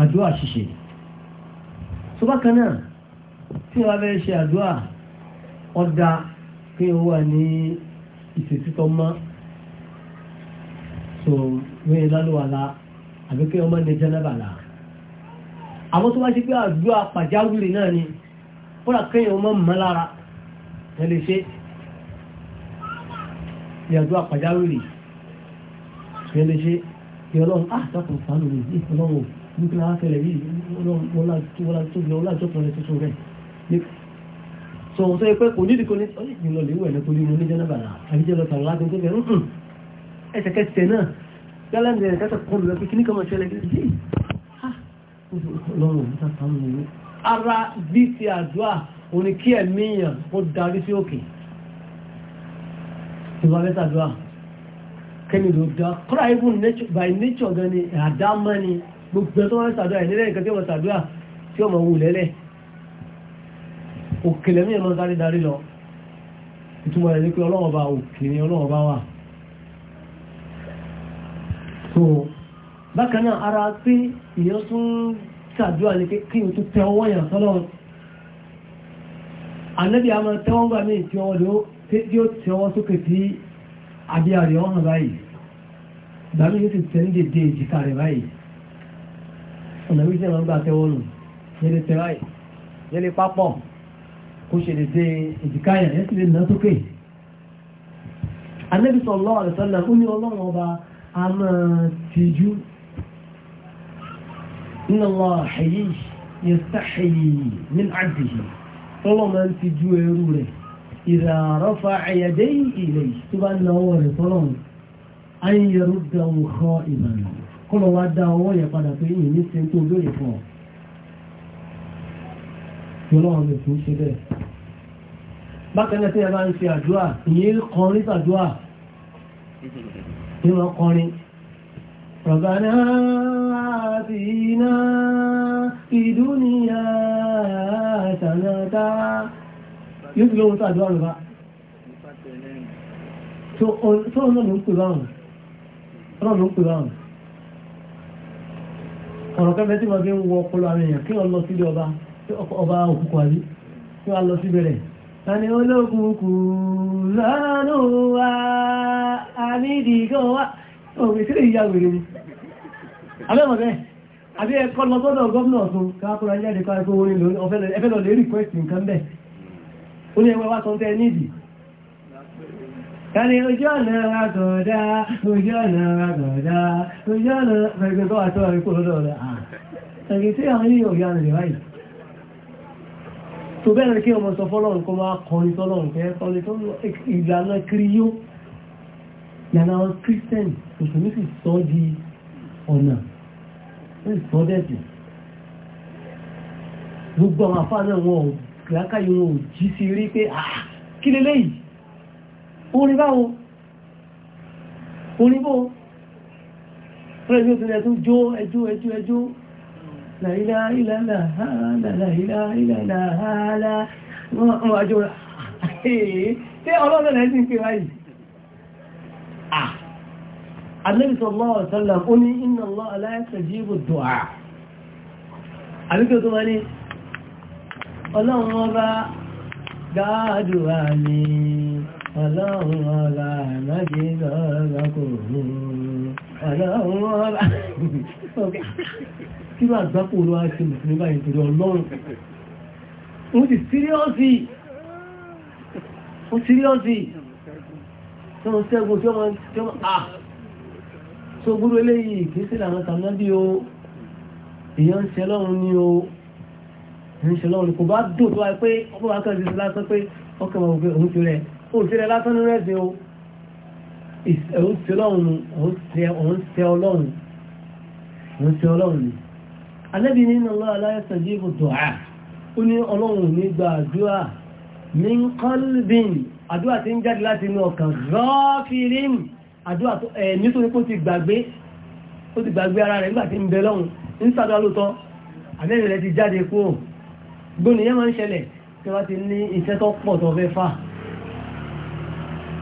àdúrà ṣíṣe tó bákan náà tí wọ́n fẹ́ ṣe àdúrà ọ̀dà pé ó wà ní ìṣètítọ́ mọ́ so wọ́n lálùwàlá àbí pé ọmọ ní jẹ́nàbàlá àwọn tó wá sí pé àdúrà pàjáwìrì náà ni fúnra kẹ́yìn ọmọ mọ́ lára ẹ lè ṣe ní àdúrà pàjáwìrì ẹ lè ṣe ìrọ̀lọ́run á dákùn ìfọlọ́run nítorí wọ́n fẹ́lẹ̀ yìí ọlájọ́kùnrin tuntun rẹ̀ so wọ́n sọ pé kò nídìí kò ní ìlọ lè wẹ̀ lẹ́kọ̀ọ́ nínú oníjẹ́ náà bàrà àbíjẹ́ lọ sàrọ̀ láti ń tẹ́lẹ̀ rúkùn ẹsẹ̀kẹsẹ̀ náà yálà ní ẹ̀rẹ̀ kẹsẹ̀ kọlù rẹ̀ pé kí ní kọmọ̀ ṣẹlẹ̀ gidi lọ́rùn ní sàtàmù ní ara bí ti àdúà òní kí ẹ̀míyàn ó darí sí òkè ìwàlẹ́sà àdúà kẹ́ni ló dá kọ́ra even by nature gan ni àdámọ́ ni gbogbo tó wọ́n sàdúrà ìnílẹ̀ nǹkan tí wọ́n sàdúrà tí ọmọ wù lẹ́lẹ̀ òkèlè mí ẹ̀mọ́ sáré darí lọ ìtumọ̀ rẹ̀ ní pé ọlọ́wọ́ bá òkè ni ọlọ́wọ́ bá wà so bákan náà ara pé ìyẹn tún sàdúrà ní pé kí n tún tẹ ọwọ́ yàn sọ́lọ́ ànábì àmọ́ tẹ́wọ́n gbà mí tí ọwọ́ tí ó tẹ ọwọ́ sókè sí abíyá rẹ̀ báyìí dàbí yóò ti tẹ́ ń dèdè ìjìká rẹ̀ báyìí ọ̀nà méjì náà gbà tẹ́wọ́ nù yẹlẹ tẹ́ráì yẹlẹ pápọ̀ kó ṣe lè dé ìdíkáyà yẹn sì lè nà sókè Ànábì sallallahu alaihi wasallam ó ní ọlọ́run ọba a máa tijú inna Allah hayy yastahyi min 'abdihi máa ń tijú ẹrú rẹ̀ idha rafa'a yadayhi tó bá náwó rẹ̀ tọ́lọ́run an yaruddahu kha'iban náà kọ́lọ̀ wá dá ọwọ́ yẹn padà pé yìí ní ṣe tó lóye fún ọ. Ìjọlọ́wọ́ mi kì í ṣe bẹ́ẹ̀. Bákan náà tí ẹ bá ń ṣe àdúrà, ìyẹn kọrin sàdúrà. Ìwọ̀n kọrin. ربنا آتينا في الدنيا حسنة yóò fi lóhun tó rẹ̀ bá. Tó ọ̀nà ló ń pè báwọn. Ọ̀nà ló ń pè báwọn ọ̀rọ̀ kẹfẹ́ tí wọ́n fi ń wọ ọpọlọ àwọn èèyàn kí wọ́n lọ sílé ọba ọba òkùnkù àbí kí wọ́n lọ síbẹ̀ rẹ̀ tani olókùnkù lọ́nà wa àmìdìgọ́ wa òwe sílẹ̀ ìyá wèrè ni abẹ́mọ̀ bẹ́ẹ̀ àbí ẹ̀kọ́ lọ sọ́dọ̀ gómìnà ọ̀tún káàkùrọ̀ ayé àdìkọ́ ẹgbẹ́ orin lọ́fẹ́ lọ lè rìkwẹ́sì nǹkan bẹ́ẹ̀ Tani ojú ọ̀nà àgọ̀dá, ojú ọ̀nà àgọ̀dá, ojú ọ̀nà ẹgbẹ̀gbọ́ àtọ́ àríkò lọ́dọ̀ ọ̀dọ̀ àà. Ẹgbẹ̀ tí àwọn yíò yà rẹ̀ báyìí. Tó bẹ́ẹ̀ kí ọmọ sọ fọ́lọ́run kó máa kọrin tọ́lọ́run kẹ́ kọrin tó ìlànà kìrìyó. Ìlànà àwọn kírísítẹ́nì, òṣèlú sì sọ di ọ̀nà, ó sì sọ dẹ̀sì. Gbogbo orin báwo orin bó rẹ̀ ní òtún ẹ̀tún jó ẹjú ẹjú ẹjú láìlá ìlànà hálà láìlá ìlànà hálà wọ́n wájú rẹ̀ ẹ̀ẹ́ tí ọlọ́rẹ̀ rẹ̀ sí ń pè wáyìí Ànábì sallallahu alaihi wasallam ó ní inna Allaha la yastajibu du'a àbíkẹ́ tó máa ní ọlọ́run ọba dáadùá ni ọlọ́run ọlá àmájí lọ́lọ́kùnrin ọlọ́run ọlá kí ló àgbákò ló wá sí mùsùlùmí báyìí torí ọlọ́run ó ti síríọ́sì ó síríọ́sì tó ń ṣẹ́gun tí ó máa tí ó máa tó gbúrú eléyìí kìí sí làwọn tàbí bí o èèyàn ń ṣe lọ́run ní o ń ṣe lọ́run kò bá dùn tó wáyé pé ọkọ̀ òṣèré lásán nínú ẹ̀sìn o ẹ̀hún sí ọlọ́run ni ọ̀hún sí ọlọ́run ọ̀hún sí ọlọ́run ni alẹ́bí nínú ọlọ́run aláyẹ̀sẹ̀ jí ibùdó à ó ní ọlọ́run ní gba àdúrà min qalbin àdúrà tí ń jáde láti inú ọkàn rọ́ọ̀fìrín àdúrà nítorí pé ti gbàgbé ara rẹ̀ nígbà ń bẹ lọ́run ń sàdúrà lóòótọ́ àlẹ́rìí rẹ̀ ti jáde kúrò gbóni yẹn máa ń ṣẹlẹ̀ tí wọ́n ti ní iṣẹ́ pọ̀ tó fà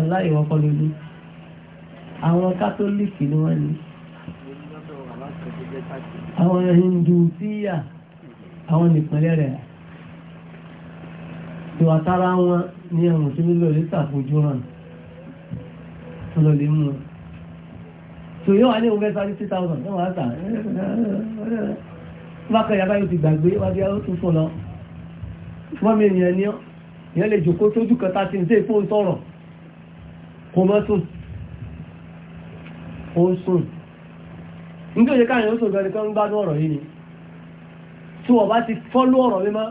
aláìwọ́ kọ́ ló ní àwọn kátólíkì ni wọ́n ní àwọn hindu síyà àwọn nìpínlẹ̀ rẹ̀ ìwà tára wọn ní ẹ̀wọ̀n tí nílò lè tàfojú hàn lọ lè mú wọn tó yóò wá ní ogun ẹ̀sá ní 2000 náà wá tà bákan yàrá yóò ti gbàgbé wájú ó tún fún lọ wọ́n mi ènìyàn ní ọ́ ìyẹn lè jòkó tójú kan tá ti ń sé ìfóhùn sọ̀rọ̀ kò mọ́ sùn ó sùn nígbà òye káàrin ó sùn gan ni kan ń gbádùn ọ̀rọ̀ yìí ni tí wọ́n bá ti fọ́lú ọ̀rọ̀ mímọ́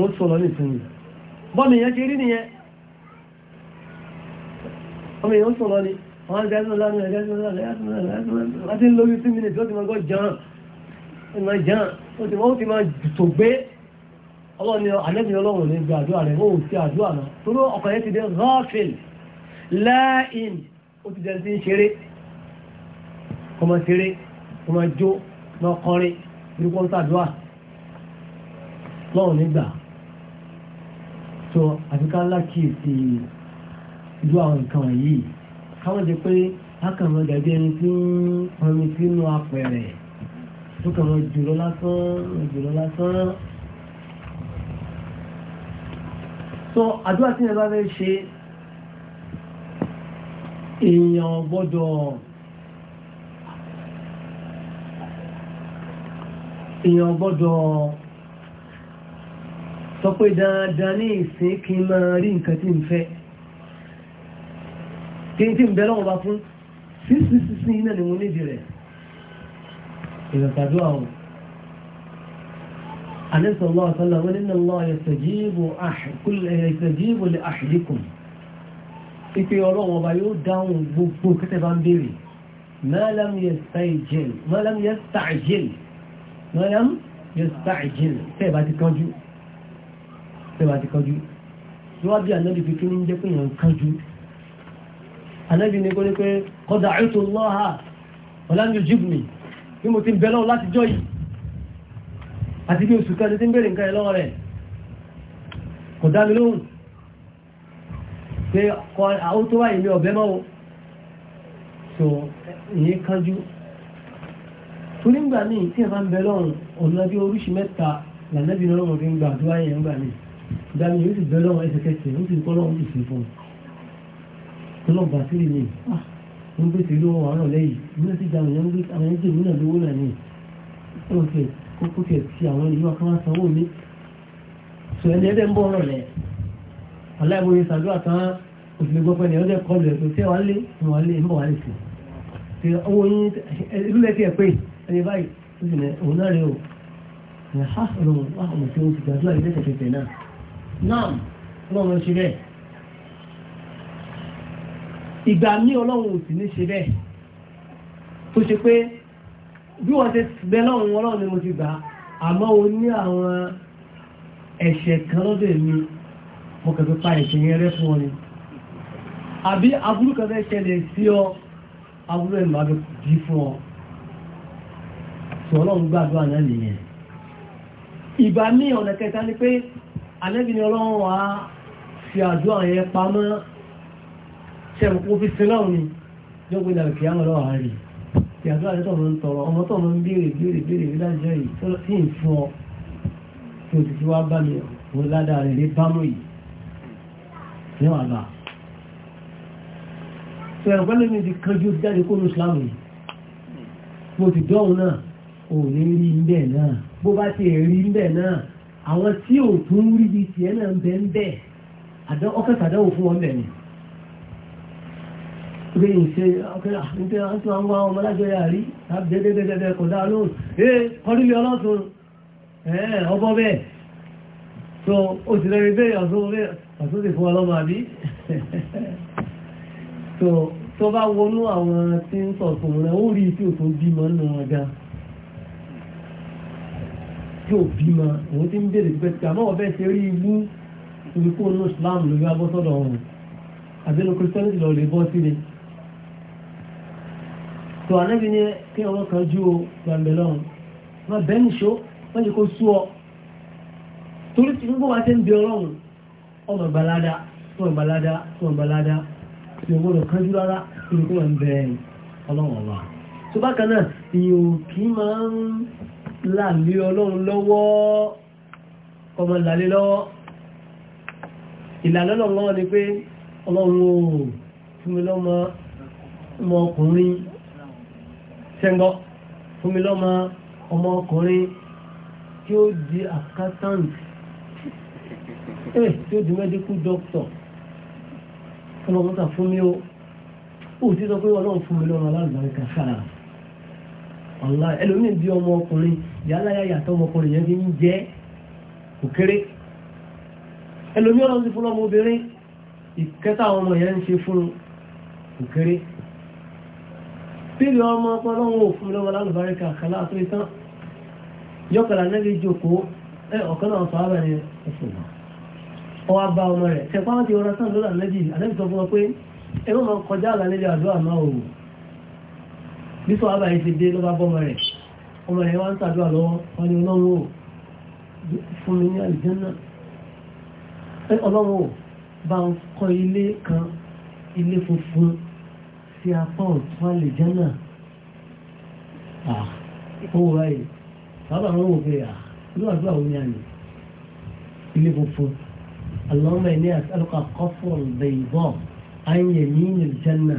ó sùn lọ nìsín ni bọ́ọ̀lù yẹn ti rí nìyẹn ọmọ èèyàn sùn lọ ni wọ́n ti máa ọlọ́ni àlẹ́bí ọlọ́run ní gbàdúrà rẹ̀ ó ti àdúrà náà torí ọkọ̀ yẹn ti dé rọ́ọ̀fìlì láìn ó ti jẹ́ sí ń ṣeré ọmọ ṣeré ọmọ jó ọmọ kọrin orúkọ ń sàdúrà lọ́rùn nígbà tó àfikà ńlá kíyèsí irú àwọn nǹkan yìí káwọn jẹ pé akàwọn gàdí ẹni tí ń pọnmi sínú apẹ̀rẹ̀ tó kàwọn jùlọ lásán jùlọ lásán so àdúrà tí ẹ bá fẹ́ ṣe èèyàn gbọ́dọ̀ èèyàn gbọ́dọ̀ sọ pé dandan ní ìsìn kí n máa rí nǹkan tí n fẹ́ kí n tí n bẹ lọ́wọ́ bá fún sísísísí iná ni mo nídi rẹ̀ ìrẹ̀kàdúwà ọ̀ àníṣọ́lọ́ àtọ́lá wọn nínú lọ́wọ́ yẹ̀sẹ̀jíbò lè àṣìlíkùn ipe ọlọ́run ọba yóò dáhùn gbogbo kẹtẹ́ bá ń béèrè mẹ́lẹ́m yẹ́sàájẹ́l mẹ́lẹ́m yẹ́sàájẹ́l tẹ́ẹ̀bá ti kánjú tẹ́ẹ̀bá ti kánjú níwájú ànábì fi kí ní jẹ́ pé èèyàn kánjú ànábì ní kó ní pé kọ́dà àìtò lọ́ha ọ̀lànà jíìpù mi bí mo ti ń bẹ̀rẹ̀ láti jọ yìí àti bí oṣù kan ti ń béèrè nǹkan ẹ̀ lọ́wọ́ rẹ̀ kò dá mi lóhùn pé ó tó wáyé ní ọ̀bẹ́ mọ́ o so ìyẹn kánjú torí ń gbà ní tí ẹ bá ń bẹ lọ́run ọ̀nà bí oríṣi mẹ́ta lànàbí lọ́rùn fi ń gbà àdúrà yẹn ń gbà ní ìdáni yóò sì bẹ lọ́run ẹsẹ̀kẹsẹ̀ ó sì kọ́ lọ́run sì fún un tó lọ́gbà sí ni ń ah, gbé sí lówó àárọ̀ lẹ́yìn ìmúlẹ̀ sí ìdáhùn yẹn ń gbé àwọn ẹgbẹ́ ìmúlẹ̀ lówó náà ní ọ̀sẹ̀ kókó tẹ̀ sí àwọn ìlú akọ́wá sanwó mi ẹni ẹgbẹ́ ń bọ̀ ọ̀rọ̀ lẹ́yìn aláìmọ̀ yẹn sàdúrà tán òfìlẹ́gbọ́pẹ́ ni ọjọ́ kọlù ẹ̀ pé tẹ́ wà lé wà lé mọ̀ wà lè sí tí owó yín ìlúlẹ̀ tí ẹ pé ẹni báyìí ó sì ní òun náà rèé o ní ha ọ̀rọ̀ ọ̀hún tí ó ti gbàdúrà ilé tẹ̀tẹ̀tẹ̀ náà náà ọlọ́run ṣe bẹ́ẹ̀ ìgbà mí ọlọ́run ò sì ní ṣe bẹ́ẹ̀ tó ṣe pé bí wọ́n ṣe bẹ lọ́run ọlọ́run ni mo ti gbà àmọ́ o ní àwọn ẹ̀ṣẹ̀ kan lọ́dọ̀ mi mo kẹfẹ́ pa ẹ̀ṣẹ̀ yẹn fún ọ ni àbí aburú kẹfẹ́ ṣẹlẹ̀ sí ọ aburú ẹ̀ máa bí fún ọ tí ọlọ́run gbàdúrà náà nìyẹn ìgbà míì ọ̀nà kẹta ni pé anẹ́bí ni ọlọ́run wà á fi àdúrà yẹn pamọ́ ṣẹ̀rù fi sin ni yóò gbé dàbí kìí àwọn ọlọ́run rí ti àdúrà yẹn tọ̀rọ̀ ń tọrọ ọmọ tọ̀rọ̀ ń béèrè béèrè béèrè bí lájọ yìí tí ń fún ọ rẹ̀ lé bámú yìí sí wàhálà ẹ̀rọ pẹ́lú mi ti kánjú jáde kó ní islam yìí mo ti dọ́hùn náà ò ní rí ńbẹ̀ náà bó bá ti rí ńbẹ̀ náà àwọn tí ò tún rí bí tiẹ̀ náà ń bẹ ń bẹ̀ ọkẹ́sàdáwò fún wọn bẹ̀ ni pé ìṣe ọkẹ́ àti àwọn ọmọ alájọyà rí àbẹ́dẹ́dẹ́dẹ́ kò dáa lóòrùn ee kọdílé ọlọ́tún ọbọ̀ bẹ́ẹ̀ so ó ti rẹ̀ rí bẹ́ẹ̀ ọ̀sán ọ̀tún sì fún ọlọ́mọ àbí [LAUGHS] tó bá wọnú àwọn tí ń sọ̀tún rẹ̀ ó rí tí ò tó bímọ nínú wọn gan tí ò bímọ òun ti ń bèèrè pé tí àmọ́ ọ̀bẹ́ ṣe rí ibú ibi kó nínú Islam lórí abọ́sọ́dọ̀ ọ̀run àbínú Christianity lọ lè bọ́ sí ni tó ànábi ni kí ọmọ kan jú o gbàǹdẹ̀ lọ́run wọn bẹ́ẹ̀ nìṣó wọ́n ti kó sú ọ torí tí gbogbo wa ti ń bẹ ọlọ́run ọmọ ìgbàládá ọmọ ìgbàládá ọmọ ìgbàládá tí ó gbọ́dọ̀ kánjú rárá ìlú kó ń bẹ ọlọ́run ọba tó bákan náà ìyẹn ò kí máa ń làlé ọlọ́run lọ́wọ́ ọmọ ìlàlé lọ́wọ́ ìlàlé ọlọ́run lọ́wọ́ ni pé ọlọ́run ò fún mi lọ́mọ ọmọ ọkùnrin tí ó di accountant ẹ̀ eh, tí ó di medical doctor ọlọ́run kà fún mi ó ó ti sọ pé ọlọ́run fún mi lọ́rọ̀ alágbàríkà sára ọ̀la ẹlòmíì bí ọmọ ọkùnrin yàrá yàtọ̀ ọmọkùnrin yẹn fi ń jẹ́ òkèrè ẹlòmíì ọlọ́run ti fún ọmọ obìnrin ìkẹta ọmọ yẹn ń ṣe fún òkèrè pílì ọmọ ọlọ́run òfin lọ́wọ́ alágbàríkà kàlá àtúntàn yọkàlà nẹ́bí jòkó ẹ eh, ọ̀kan náà sọ ọwọ́ bá ọmọ rẹ̀ tẹ̀pá wọn ti rọra sàn lọ́la lẹ́bí àlẹ́bí sọ fún wọn pé ẹ má máa kọjá àlà nílé àdúrà máa wò bí sọ àbáyé ti dé ló bá bọ́ ọmọ rẹ̀ ọmọ rẹ̀ wá ń sàdúrà lọ́wọ́ wọn ni ọlọ́run ò fún mi ní àlùjànnà ọlọ́run ò bá ń kọ́ ilé kan ilé funfun sí apá ọ̀tún àlùjànnà owó ah, báyìí bàbá àwọn òfin ah, àdúrà àdúrà òun ni àná ilé funfun اللهم إني أسألك قفر بيضاء عن يمين الجنة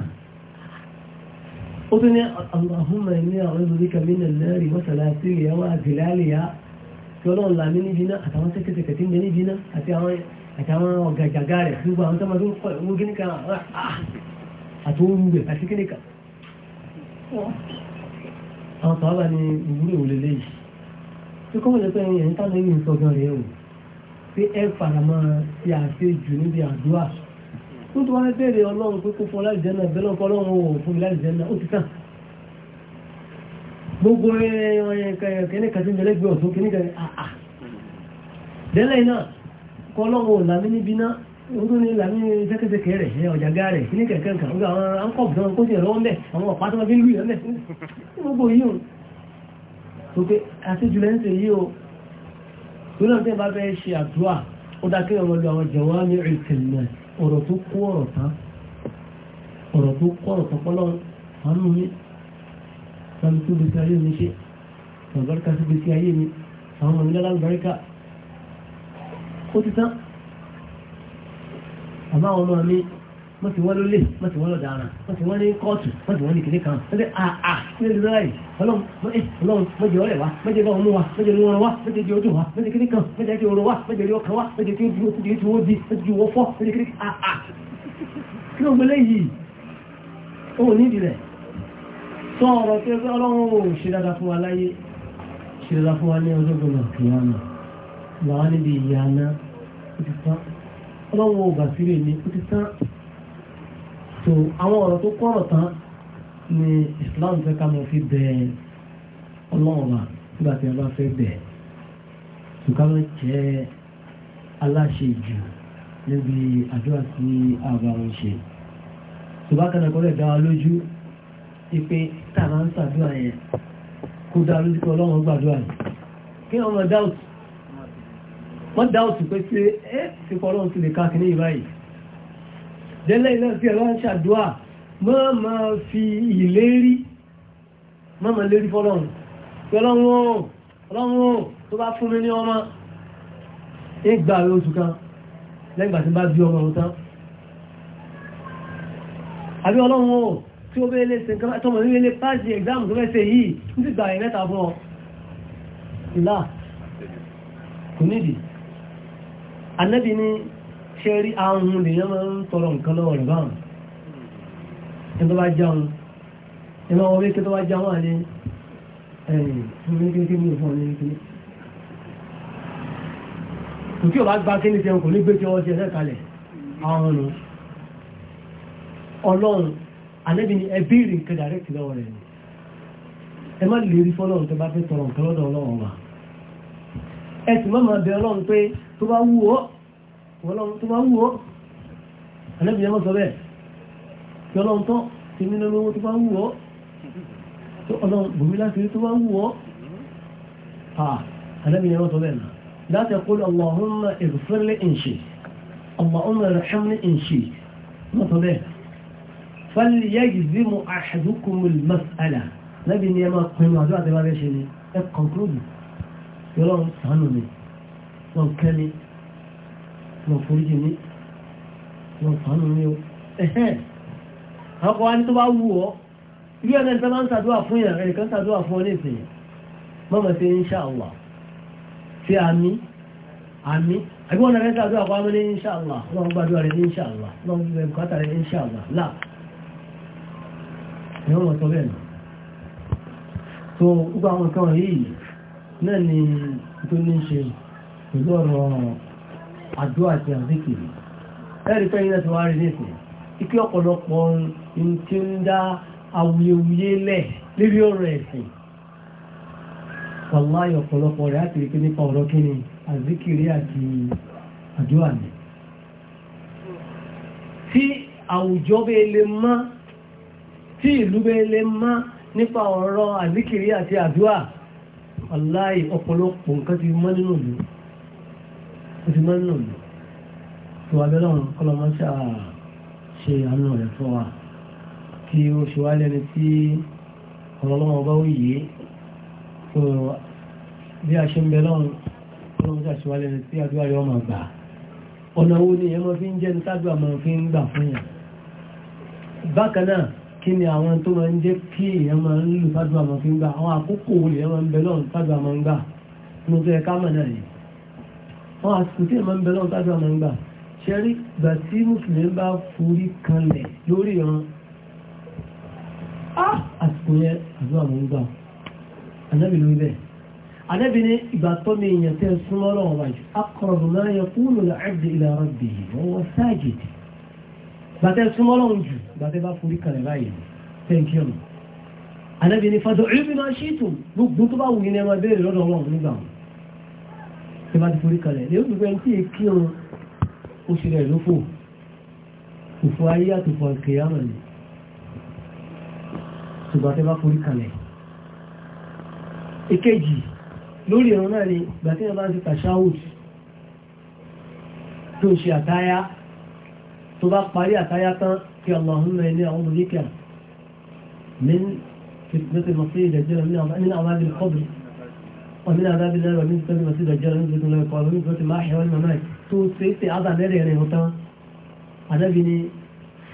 أدني اللهم إني أعوذ بك من النار وسلاسلها وأذلالها tọ́lọ́run la mi níbi náà àtàwọn tẹ́kẹ̀tẹ̀kẹ̀ tí ń bẹ níbi náà àti àwọn ọ̀gàgàgà rẹ̀ gbogbo àwọn tó máa tó ń kọ́ ìwọ́n kí nìkan ah, ah, àti oorun rẹ̀ àti kí nìkan. àwọn tọ́wọ́ bá ní lélẹ́yìí. tí kọ́mọ̀lẹ́pẹ́ yẹn ń yìí ń sọ gan rẹ̀ pé ẹ faramọ́ ti àṣẹ jù níbi àdúrà tó tó wáá béèrè ọlọ́run pé kó fún ọ láti jẹ́nà bẹ́ẹ̀ lọ́kọ́ ọlọ́run ò fún mi láti jẹ́nà ó ti tàn gbogbo ẹ̀ẹ́dẹ́gbẹ̀rún kan tí ń bẹ̀rẹ̀ gbé ọ̀tún kìnnìkan àà dẹ́lẹ̀ náà kọ́ ọlọ́run ò làmí níbi náà ogun ni lami sẹ́kẹ́sẹ́kẹ́ rẹ̀ ẹ ọ̀jàgá rẹ̀ ní kẹ̀kẹ́ nǹkan ọgbà àwọn ankọ́ọ̀bù náà kó sì rọ́ mẹ́ àwọn ọ̀pá nínú ọ̀sẹ̀ bá bẹ́ẹ̀ ṣe àdúrà ó dákẹ́ ọmọ lu àwọn jẹ̀wọ́ ní ìkẹ̀lẹ̀ ọ̀rọ̀ tó kó ọ̀rọ̀ tán ọ̀rọ̀ tó kó ọ̀rọ̀ tán pọ́lọ́ àánú mi sami tó bẹ̀sẹ̀ ayé mi ṣe àlùbáríkà sí bẹ̀sẹ̀ ayé mi àwọn ọmọ mi lára àlùbáríkà ó ti tán àmọ́ àwọn ọmọ mi wọ́n ti wọ́n lólè wọ́n ti wọ́n lọ dára wọ́n ti wọ́n ní kóòtù wọ́n ti wọ́n ní kìnní kan wọ́n ti àà ní ìlú láì ọlọ́run mọ́jẹ eh, ọ̀rẹ́ wa mọ́jẹ bá ọmú wa mọ́jẹ ní wọn wa mọ́jẹ di ojú wa mọ́jẹ kìnní kan mọ́jẹ di oró wa mọ́jẹ di ọkàn wa mọ́jẹ di ojú ti di wọ́n di mọ́jẹ di wọ́n fọ́ mọ́jẹ kìnní àà ah, ah. kí ló ń gbélé yìí òun ní ìdílẹ̀ sọ ọ̀rọ̀ ọlọ́run ò ṣe dáadáa fún wa láyé ṣe dáadáa fún wa ní ọjọ́ so àwọn ọ̀rọ̀ tó kọ́rọ̀ tán ni Islam fẹ́ ká mọ̀ fi bẹ ọlọ́run wa nígbà tí a bá fẹ́ bẹ̀ ṣùgbọ́n ló jẹ́ aláṣẹ jù níbi àdúrà tí a bá ń ṣe ṣùgbọ́n kan kọ́ lè dá wa lójú ipe tàbá ń ṣàdúrà yẹn kó dá lójú pé ọlọ́run gbàdúrà yìí kí wọ́n mọ̀ dáùtù wọ́n dáùtù pé ṣé ẹ́ ṣe kọ́ ọlọ́run ti lè ká kí ní ìbáyìí dẹ́lẹ̀ iná fi ẹ̀rọ ń ṣàdúà má máa fi ìlérí má máa lérí fọ́lọ́run pé ọlọ́run ọlọ́run tó bá fún mi ní ọmọ ìgbà oṣù kan lẹ́yìn ìgbà tí bá bí ọmọ ọ̀tán àbí ọlọ́run ò tí ó bẹ́ẹ̀ lè ṣe nǹkan tọ́mọ̀ ní ilé pàṣẹ ẹ̀gbàmù tó mẹ́sẹ̀ yìí ń sì ṣe rí ahun lèyàn máa ń tọrọ nǹkan lọ́wọ́ rẹ̀ báwọn ẹni tó bá jáun ẹni wọn wọlé kí tó bá jáun wà ní ẹ̀yìn fún mi kékeré fún ọ ní kò tí o bá gba kíni jẹun kò ní gbé tí ọwọ́ sí ẹ̀sẹ̀ kalẹ̀ àwọn ọ̀nà ọlọ́run alẹ́bí ni ẹbí rí nǹkan direct lọ́wọ́ rẹ̀ ni ẹ má lè rí fọ́lọ́run tó bá fẹ́ tọrọ nǹkan lọ́dọ̀ ọlọ́run wa ẹ sì má máa bẹ ọlọ́run pé tó bá wù ọ́ ọlọ́run tó bá wù ọ́ alẹ́bìyàn mọ́ sọ bẹ́ẹ̀ kí ọlọ́run tán ti mí lọ́wọ́ tó bá wù ọ́ tó ọlọ́run bùnmí láti rí tó bá wù ọ́ alẹ́bìyàn mọ́ sọ bẹ́ẹ̀ náà láti ẹ̀kọ́ Allahumma ìrùfẹ́lẹ́ ìṣe Allahumma ìrùfẹ́lẹ́ ìṣe أحدكم المسألة lẹ́bí ni ẹ máa pinnu àdúrà tẹ́wàá rẹ̀ ṣe ni ẹ kọ̀ọ̀kúrò yìí lọ foríjì ní lọ sànù ní o ẹ̀hẹ́ ọkọ̀ wa ní tó bá wù ọ́ ilé ẹ̀rẹ́ nìkan máa ń sàdúrà fún yàn ẹ̀rẹ́ kan sàdúrà fún ọ ní ìsìn mọ́mọ́ sí insha Allah sí àmì àmì àbí wọn rẹ̀ sàdúrà fún àmì ní insha Allah wọn gbàdúrà rẹ̀ ní Allah wọn gbẹ̀ bùkátà rẹ̀ Allah là ẹ̀rọ wọn sọ so gbogbo àwọn nǹkan yìí náà ni tó ní ṣe àdúrà àti àzíkìrì ẹ̀rí pé yíyá ti wá rí nìsín ike ọ̀pọ̀lọpọ̀ ohun tí ń dá awuyewuye lẹ̀ lórí ọ̀rọ̀ ẹ̀sìn wàláyé ọ̀pọ̀lọpọ̀ rẹ̀ láti rí pé nípa ọ̀rọ̀ kí ni àzíkìrì àti àdúrà ni tí àwùjọ bẹ́ẹ̀ lè mọ́ tí ìlú bẹ́ẹ̀ lè mọ́ nípa ọ̀rọ̀ àzíkìrì àti àdúrà wàláyé ọ̀pọ̀lọpọ̀ nǹkan ti mọ́ nínú ìlú ó ti máa ń nà mí tó wà bẹ́ẹ̀ lọ́rùn kọ́lọ́mọ́ ṣáà ṣe àánú rẹ̀ fún wa kí ó ṣe wá lẹ́ni tí ọlọ́lọ́wọ́ bá ó yé tó bí a ṣe ń bẹ lọ́rùn kọ́lọ́mọ́ ṣáà ṣe wá lẹ́ni tí àdúrà yọ ọmọ gbà ọ̀nà wo ni ẹmọ fi ń jẹ́ nítàdúrà mọ̀ fi ń gbà fún yàn bákan náà kí ni àwọn tó máa ń jẹ́ kí èèyàn máa ń lù fàdúrà mọ̀ fi ń gbà àwọn àkókò wo lè ẹmọ ń bẹ lọ́rùn mọ̀ ń gbà mo fẹ́ ká mọ̀ náà yìí àwọn àsìkò tí ìmọ̀ ń bẹ lọ́wọ́ tá a sọ máa ń gbà ṣẹ́rí gbà tí mùsùlùmí bá forí kanlẹ̀ lórí ìran ah! àsìkò yẹn àdúrà máa ń gbà ànábì ló ń bẹ̀ ànábì ní ìgbà tọ́ mi èèyàn tẹ́ súnmọ́ lọ́wọ́ wájú aqrabu ma yakunu al-'abdu ila rabbihi wa huwa sajid gbàtẹ́ súnmọ́ lọ́wọ́ jù gbàtẹ́ bá forí kanlẹ̀ báyìí tí bá ti forí kalẹ̀ lè rúgbẹ́ tí è kí ọ oṣù rẹ̀ ló fò òfò ayé àtòfò ìkèyàmọ̀ ni ṣùgbọ́n tẹ́ bá forí kalẹ̀ èkejì lórí ẹ̀rọ náà ni ìgbà tí wọ́n bá ń ti tàṣáwùd tó ṣe àtáyá tó bá parí àtáyá tán kí Allahumma inni a'udhu bika min fitnatil masih ad-dajjal min 'adhabil qabr ومن عذاب الله ومن فتنة المسيح الدجال ومن فتنة الله ومن فتنة المحيا والممات تو سيتي أضع نري يعني هتا هذا بني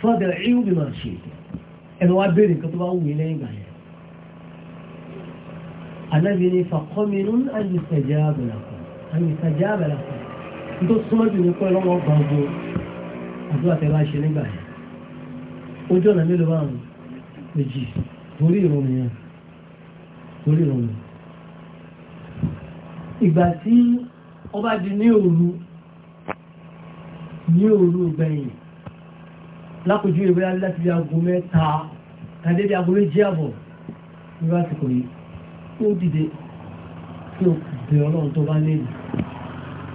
فادعيو بما شئت إن وابرين كتب أوي لين قاية أنا بني فقمن أن يستجاب لكم أن يستجاب لكم tó súnmọ́ jù ní pẹ́lú wọn gbọ́n gbọ́ àdúrà tẹ́ bá ṣe nígbà yẹn ojú ọ̀nà mélòó bá ń méjì torí ìrònú yẹn torí ìrònú yẹn ìgbà tí wọ́n bá di ní òru ní òru gbẹ̀yìn lápòjú ìwé láti bí aago mẹ́ta tàbí bí aago méjì àbọ̀ nígbà àsìkò yìí ó dìde tí ó bẹ̀rẹ̀ ọlọ́run tó bá léèrè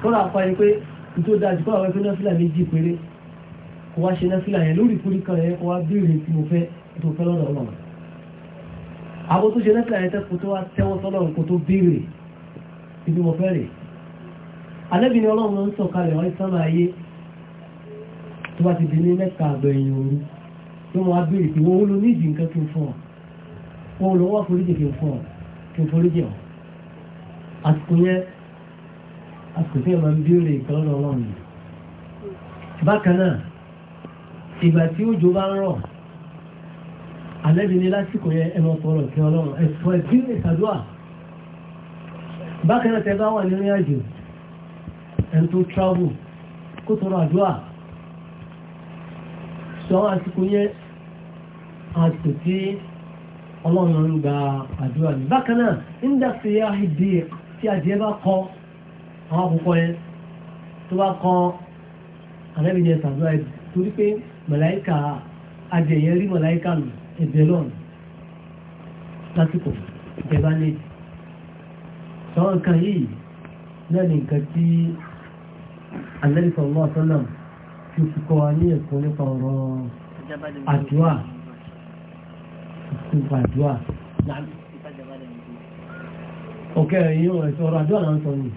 kọ́lá apá ẹni pé tó dájú kọ́ àwọn ẹgbẹ́ náfìlà méjì péré kò wá ṣe náfìlà yẹn lórí ìkórè kan yẹn kò wá béèrè tí mo fẹ́ tó fẹ́ lọ́dọ̀ ọlọ́run àwọn ṣe náfìlà yẹn tẹ́kù tó wá tẹ́wọ́ sọ́lọ́run kò tó béèrè ibi mo fẹ́ rè alẹ́bí ni ọlọ́run ń sọ kalẹ̀ wọ́n sọ́nà ayé tó bá ti di ní mẹ́ta àgbẹ̀yìn òru tó wọ́n á béèrè pé wọ́n ló nídìí nǹkan tó fún ọ wọ́n ló wá foríjì tó fún ọ tó foríjì ọ àsìkò yẹn àsìkò tí ẹ máa ń béèrè nǹkan lọ́dọ̀ ọlọ́run yìí bákan náà ìgbà tí òjò bá ń rọ̀ alẹ́bí ni lásìkò yẹn ẹ máa tọrọ bákan náà tẹ́ bá wà nínú àjò ẹni tó travel kó tọrọ àdúrà sọ àsìkò yẹn àsìkò tí ọlọ́run ń gba ni. ní bákan náà ń dàsí àìdí tí àjẹ́ bá kọ àwọn àkókò yẹn tó bá kọ àrẹ́bìyẹn sàdúrà ẹ̀ torí pé màláìkà àjẹ̀yẹ rí ẹ̀bẹ̀ lọ́nà lásìkò ìjẹba ní sọ́wọ́n kan yìí náà ní nǹkan tí alẹ́sọ̀lọ́ sọ́nà tí ó fi kọ́ wa ní ẹ̀kọ́ nípa ọ̀rọ̀ àdúà nípa àdúà ọ̀kẹ́ yìí ọ̀rọ̀ àdúà náà sọ ní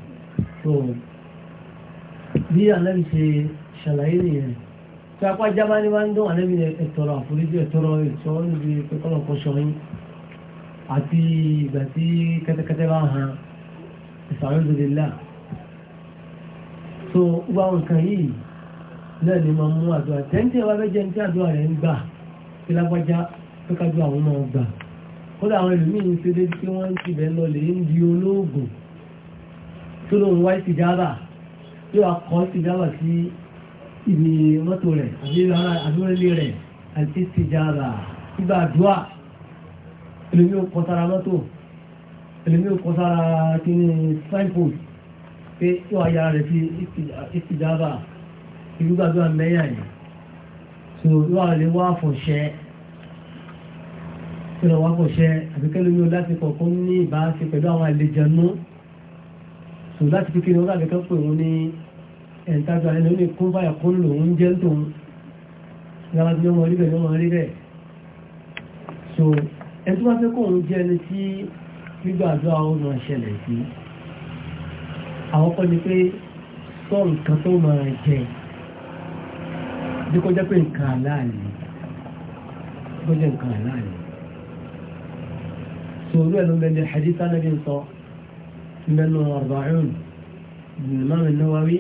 so bí alẹ́bí ṣe ṣàlàyé nìyẹn tí apá jábá ní bá ń dún alẹ́bí ẹ̀tọ́rọ̀ àforíjì ẹ̀tọ́rọ̀ ìṣọ́ níbi pẹ́kọ́lọ̀kọ́ ṣọyìn àti ìgbà tí kẹ́tẹ́kẹ́tẹ́ bá hàn ìsàrẹ́dìdìlá so wá nǹkan yìí náà ni máa mú àdúrà tẹ́ńtẹ́ wa fẹ́ jẹ́ ní tí àdúrà rẹ̀ ń gbà kí lágbájá pẹ́kájú àwọn máa gbà kódà àwọn ìlúmíì ń ṣe dé tí wọ́n ti bẹ̀ lọ lè ń di olóògùn tó lóun wáyé tìjábà yóò wá kọ́ tìjábà sí ibi mọ́tò rẹ̀ àbúrẹ́lé rẹ̀ àti tìjábà ìgbà àdúrà ìlúmíì ó kọ́ sára mọ́tò ẹlẹ́mí ò kọ́ sára kí ní signpost pé tó àyà rẹ̀ fi ìtìjábà ìrúgbàdúrà mẹ́yà yìí so yóò àlè wá fọ̀ṣẹ́ tí wọ́n wá fọ̀ṣẹ́ àbíkẹ́lẹ́ mi ò láti kọ̀ọ̀kan ní ìbáṣe pẹ̀lú àwọn àlejànú so láti kékeré wọn àbíkẹ́ pè wọ́n ní ẹ̀ǹtajà ẹni ní kún báyà kún lòun jẹ́ tòun lára tí wọ́n rí bẹ̀ wọ́n rí bẹ̀ so ẹni tó bá fẹ́ kóun jẹ́ ẹni tí gbígbàdúrà ó máa ṣẹlẹ̀ sí àwọn kọ́ ni pé sọ nǹkan tó máa jẹ bí kó jẹ́ pé nǹkan aláàlì kó jẹ́ nǹkan aláàlì sòrò ẹ̀ ló ń bẹ̀rẹ̀ hadith anabi sọ mẹ́nu arba'un Imam Nawawi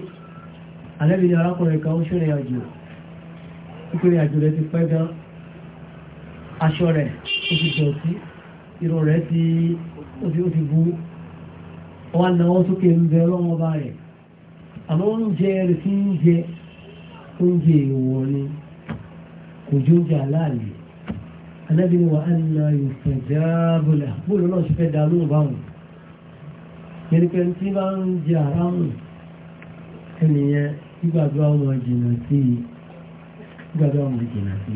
anabi ni arákùnrin kan ó ṣẹlẹ̀ rẹ̀ ti ó ti ó ti bú wọ́n náwọ́ sókè ń bẹ ọlọ́wọ́ bá rẹ̀ àmọ́ oúnjẹ rẹ̀ tí ń jẹ oúnjẹ ìwọ̀ ni kò jó oúnjẹ aláàlè anábì wà á nà ìfẹ́ jábọ̀lá bóòlù náà ṣe fẹ́ da lóhùn báwọn yẹnipẹ́ tí bá ń jẹ àrámù ẹnìyẹn gbígbàdúrà ọmọ ìjìnà sí gbígbàdúrà ọmọ ìjìnà sí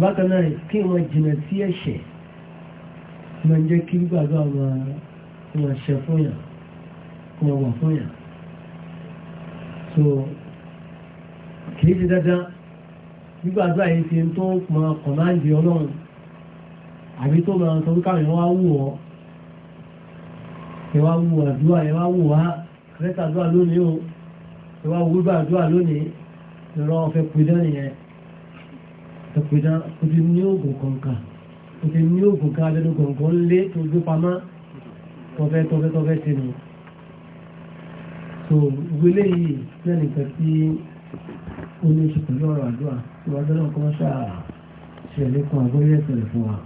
bákan náà kí wọ́n jìnà sí ẹ̀ṣẹ̀ ma jẹ́ kí gbàgbà ma ṣe fún ma wà fún so kìí ṣe dandan nígbàgbà yìí fi tó ma kọ̀ máa ń di ọlọ́run àbí tó ma sọ wípé àwọn ìwà wù ọ́ ìwà wù àdúrà ìwà wù wá kẹrẹ́tà àdúrà lónìí o ìwà wù gbà àdúrà lónìí ìrọ̀ ọ̀fẹ́ pidán nìyẹn ẹ̀pẹ̀dá ojú ní oògùn kọ̀ọ̀kan o ti ní oògùn ká lẹ́nu gbọ̀ngàn lé tó gbé pamọ́ tọ́fẹ́ tọ́fẹ́ tọ́fẹ́ sí ni so ìwélé yìí náà nìkan tí ó ní oṣù pẹ̀lú ọ̀rọ̀ àdúrà tí wọ́n tọ́lọ́ kọ́ ṣáà ṣe àlékún àgbóyè ẹ̀sẹ̀lẹ̀ fún wa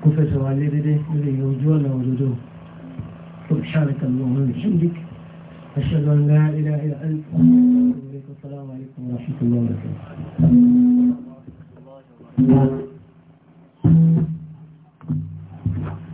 kó fẹsẹ̀ wa lé dédé nílé ojú ọ̀nà òdodo tó ṣàrẹ̀ tàbí ọ̀rọ̀ ìṣúndík أشهد أن لا إله إلا أنت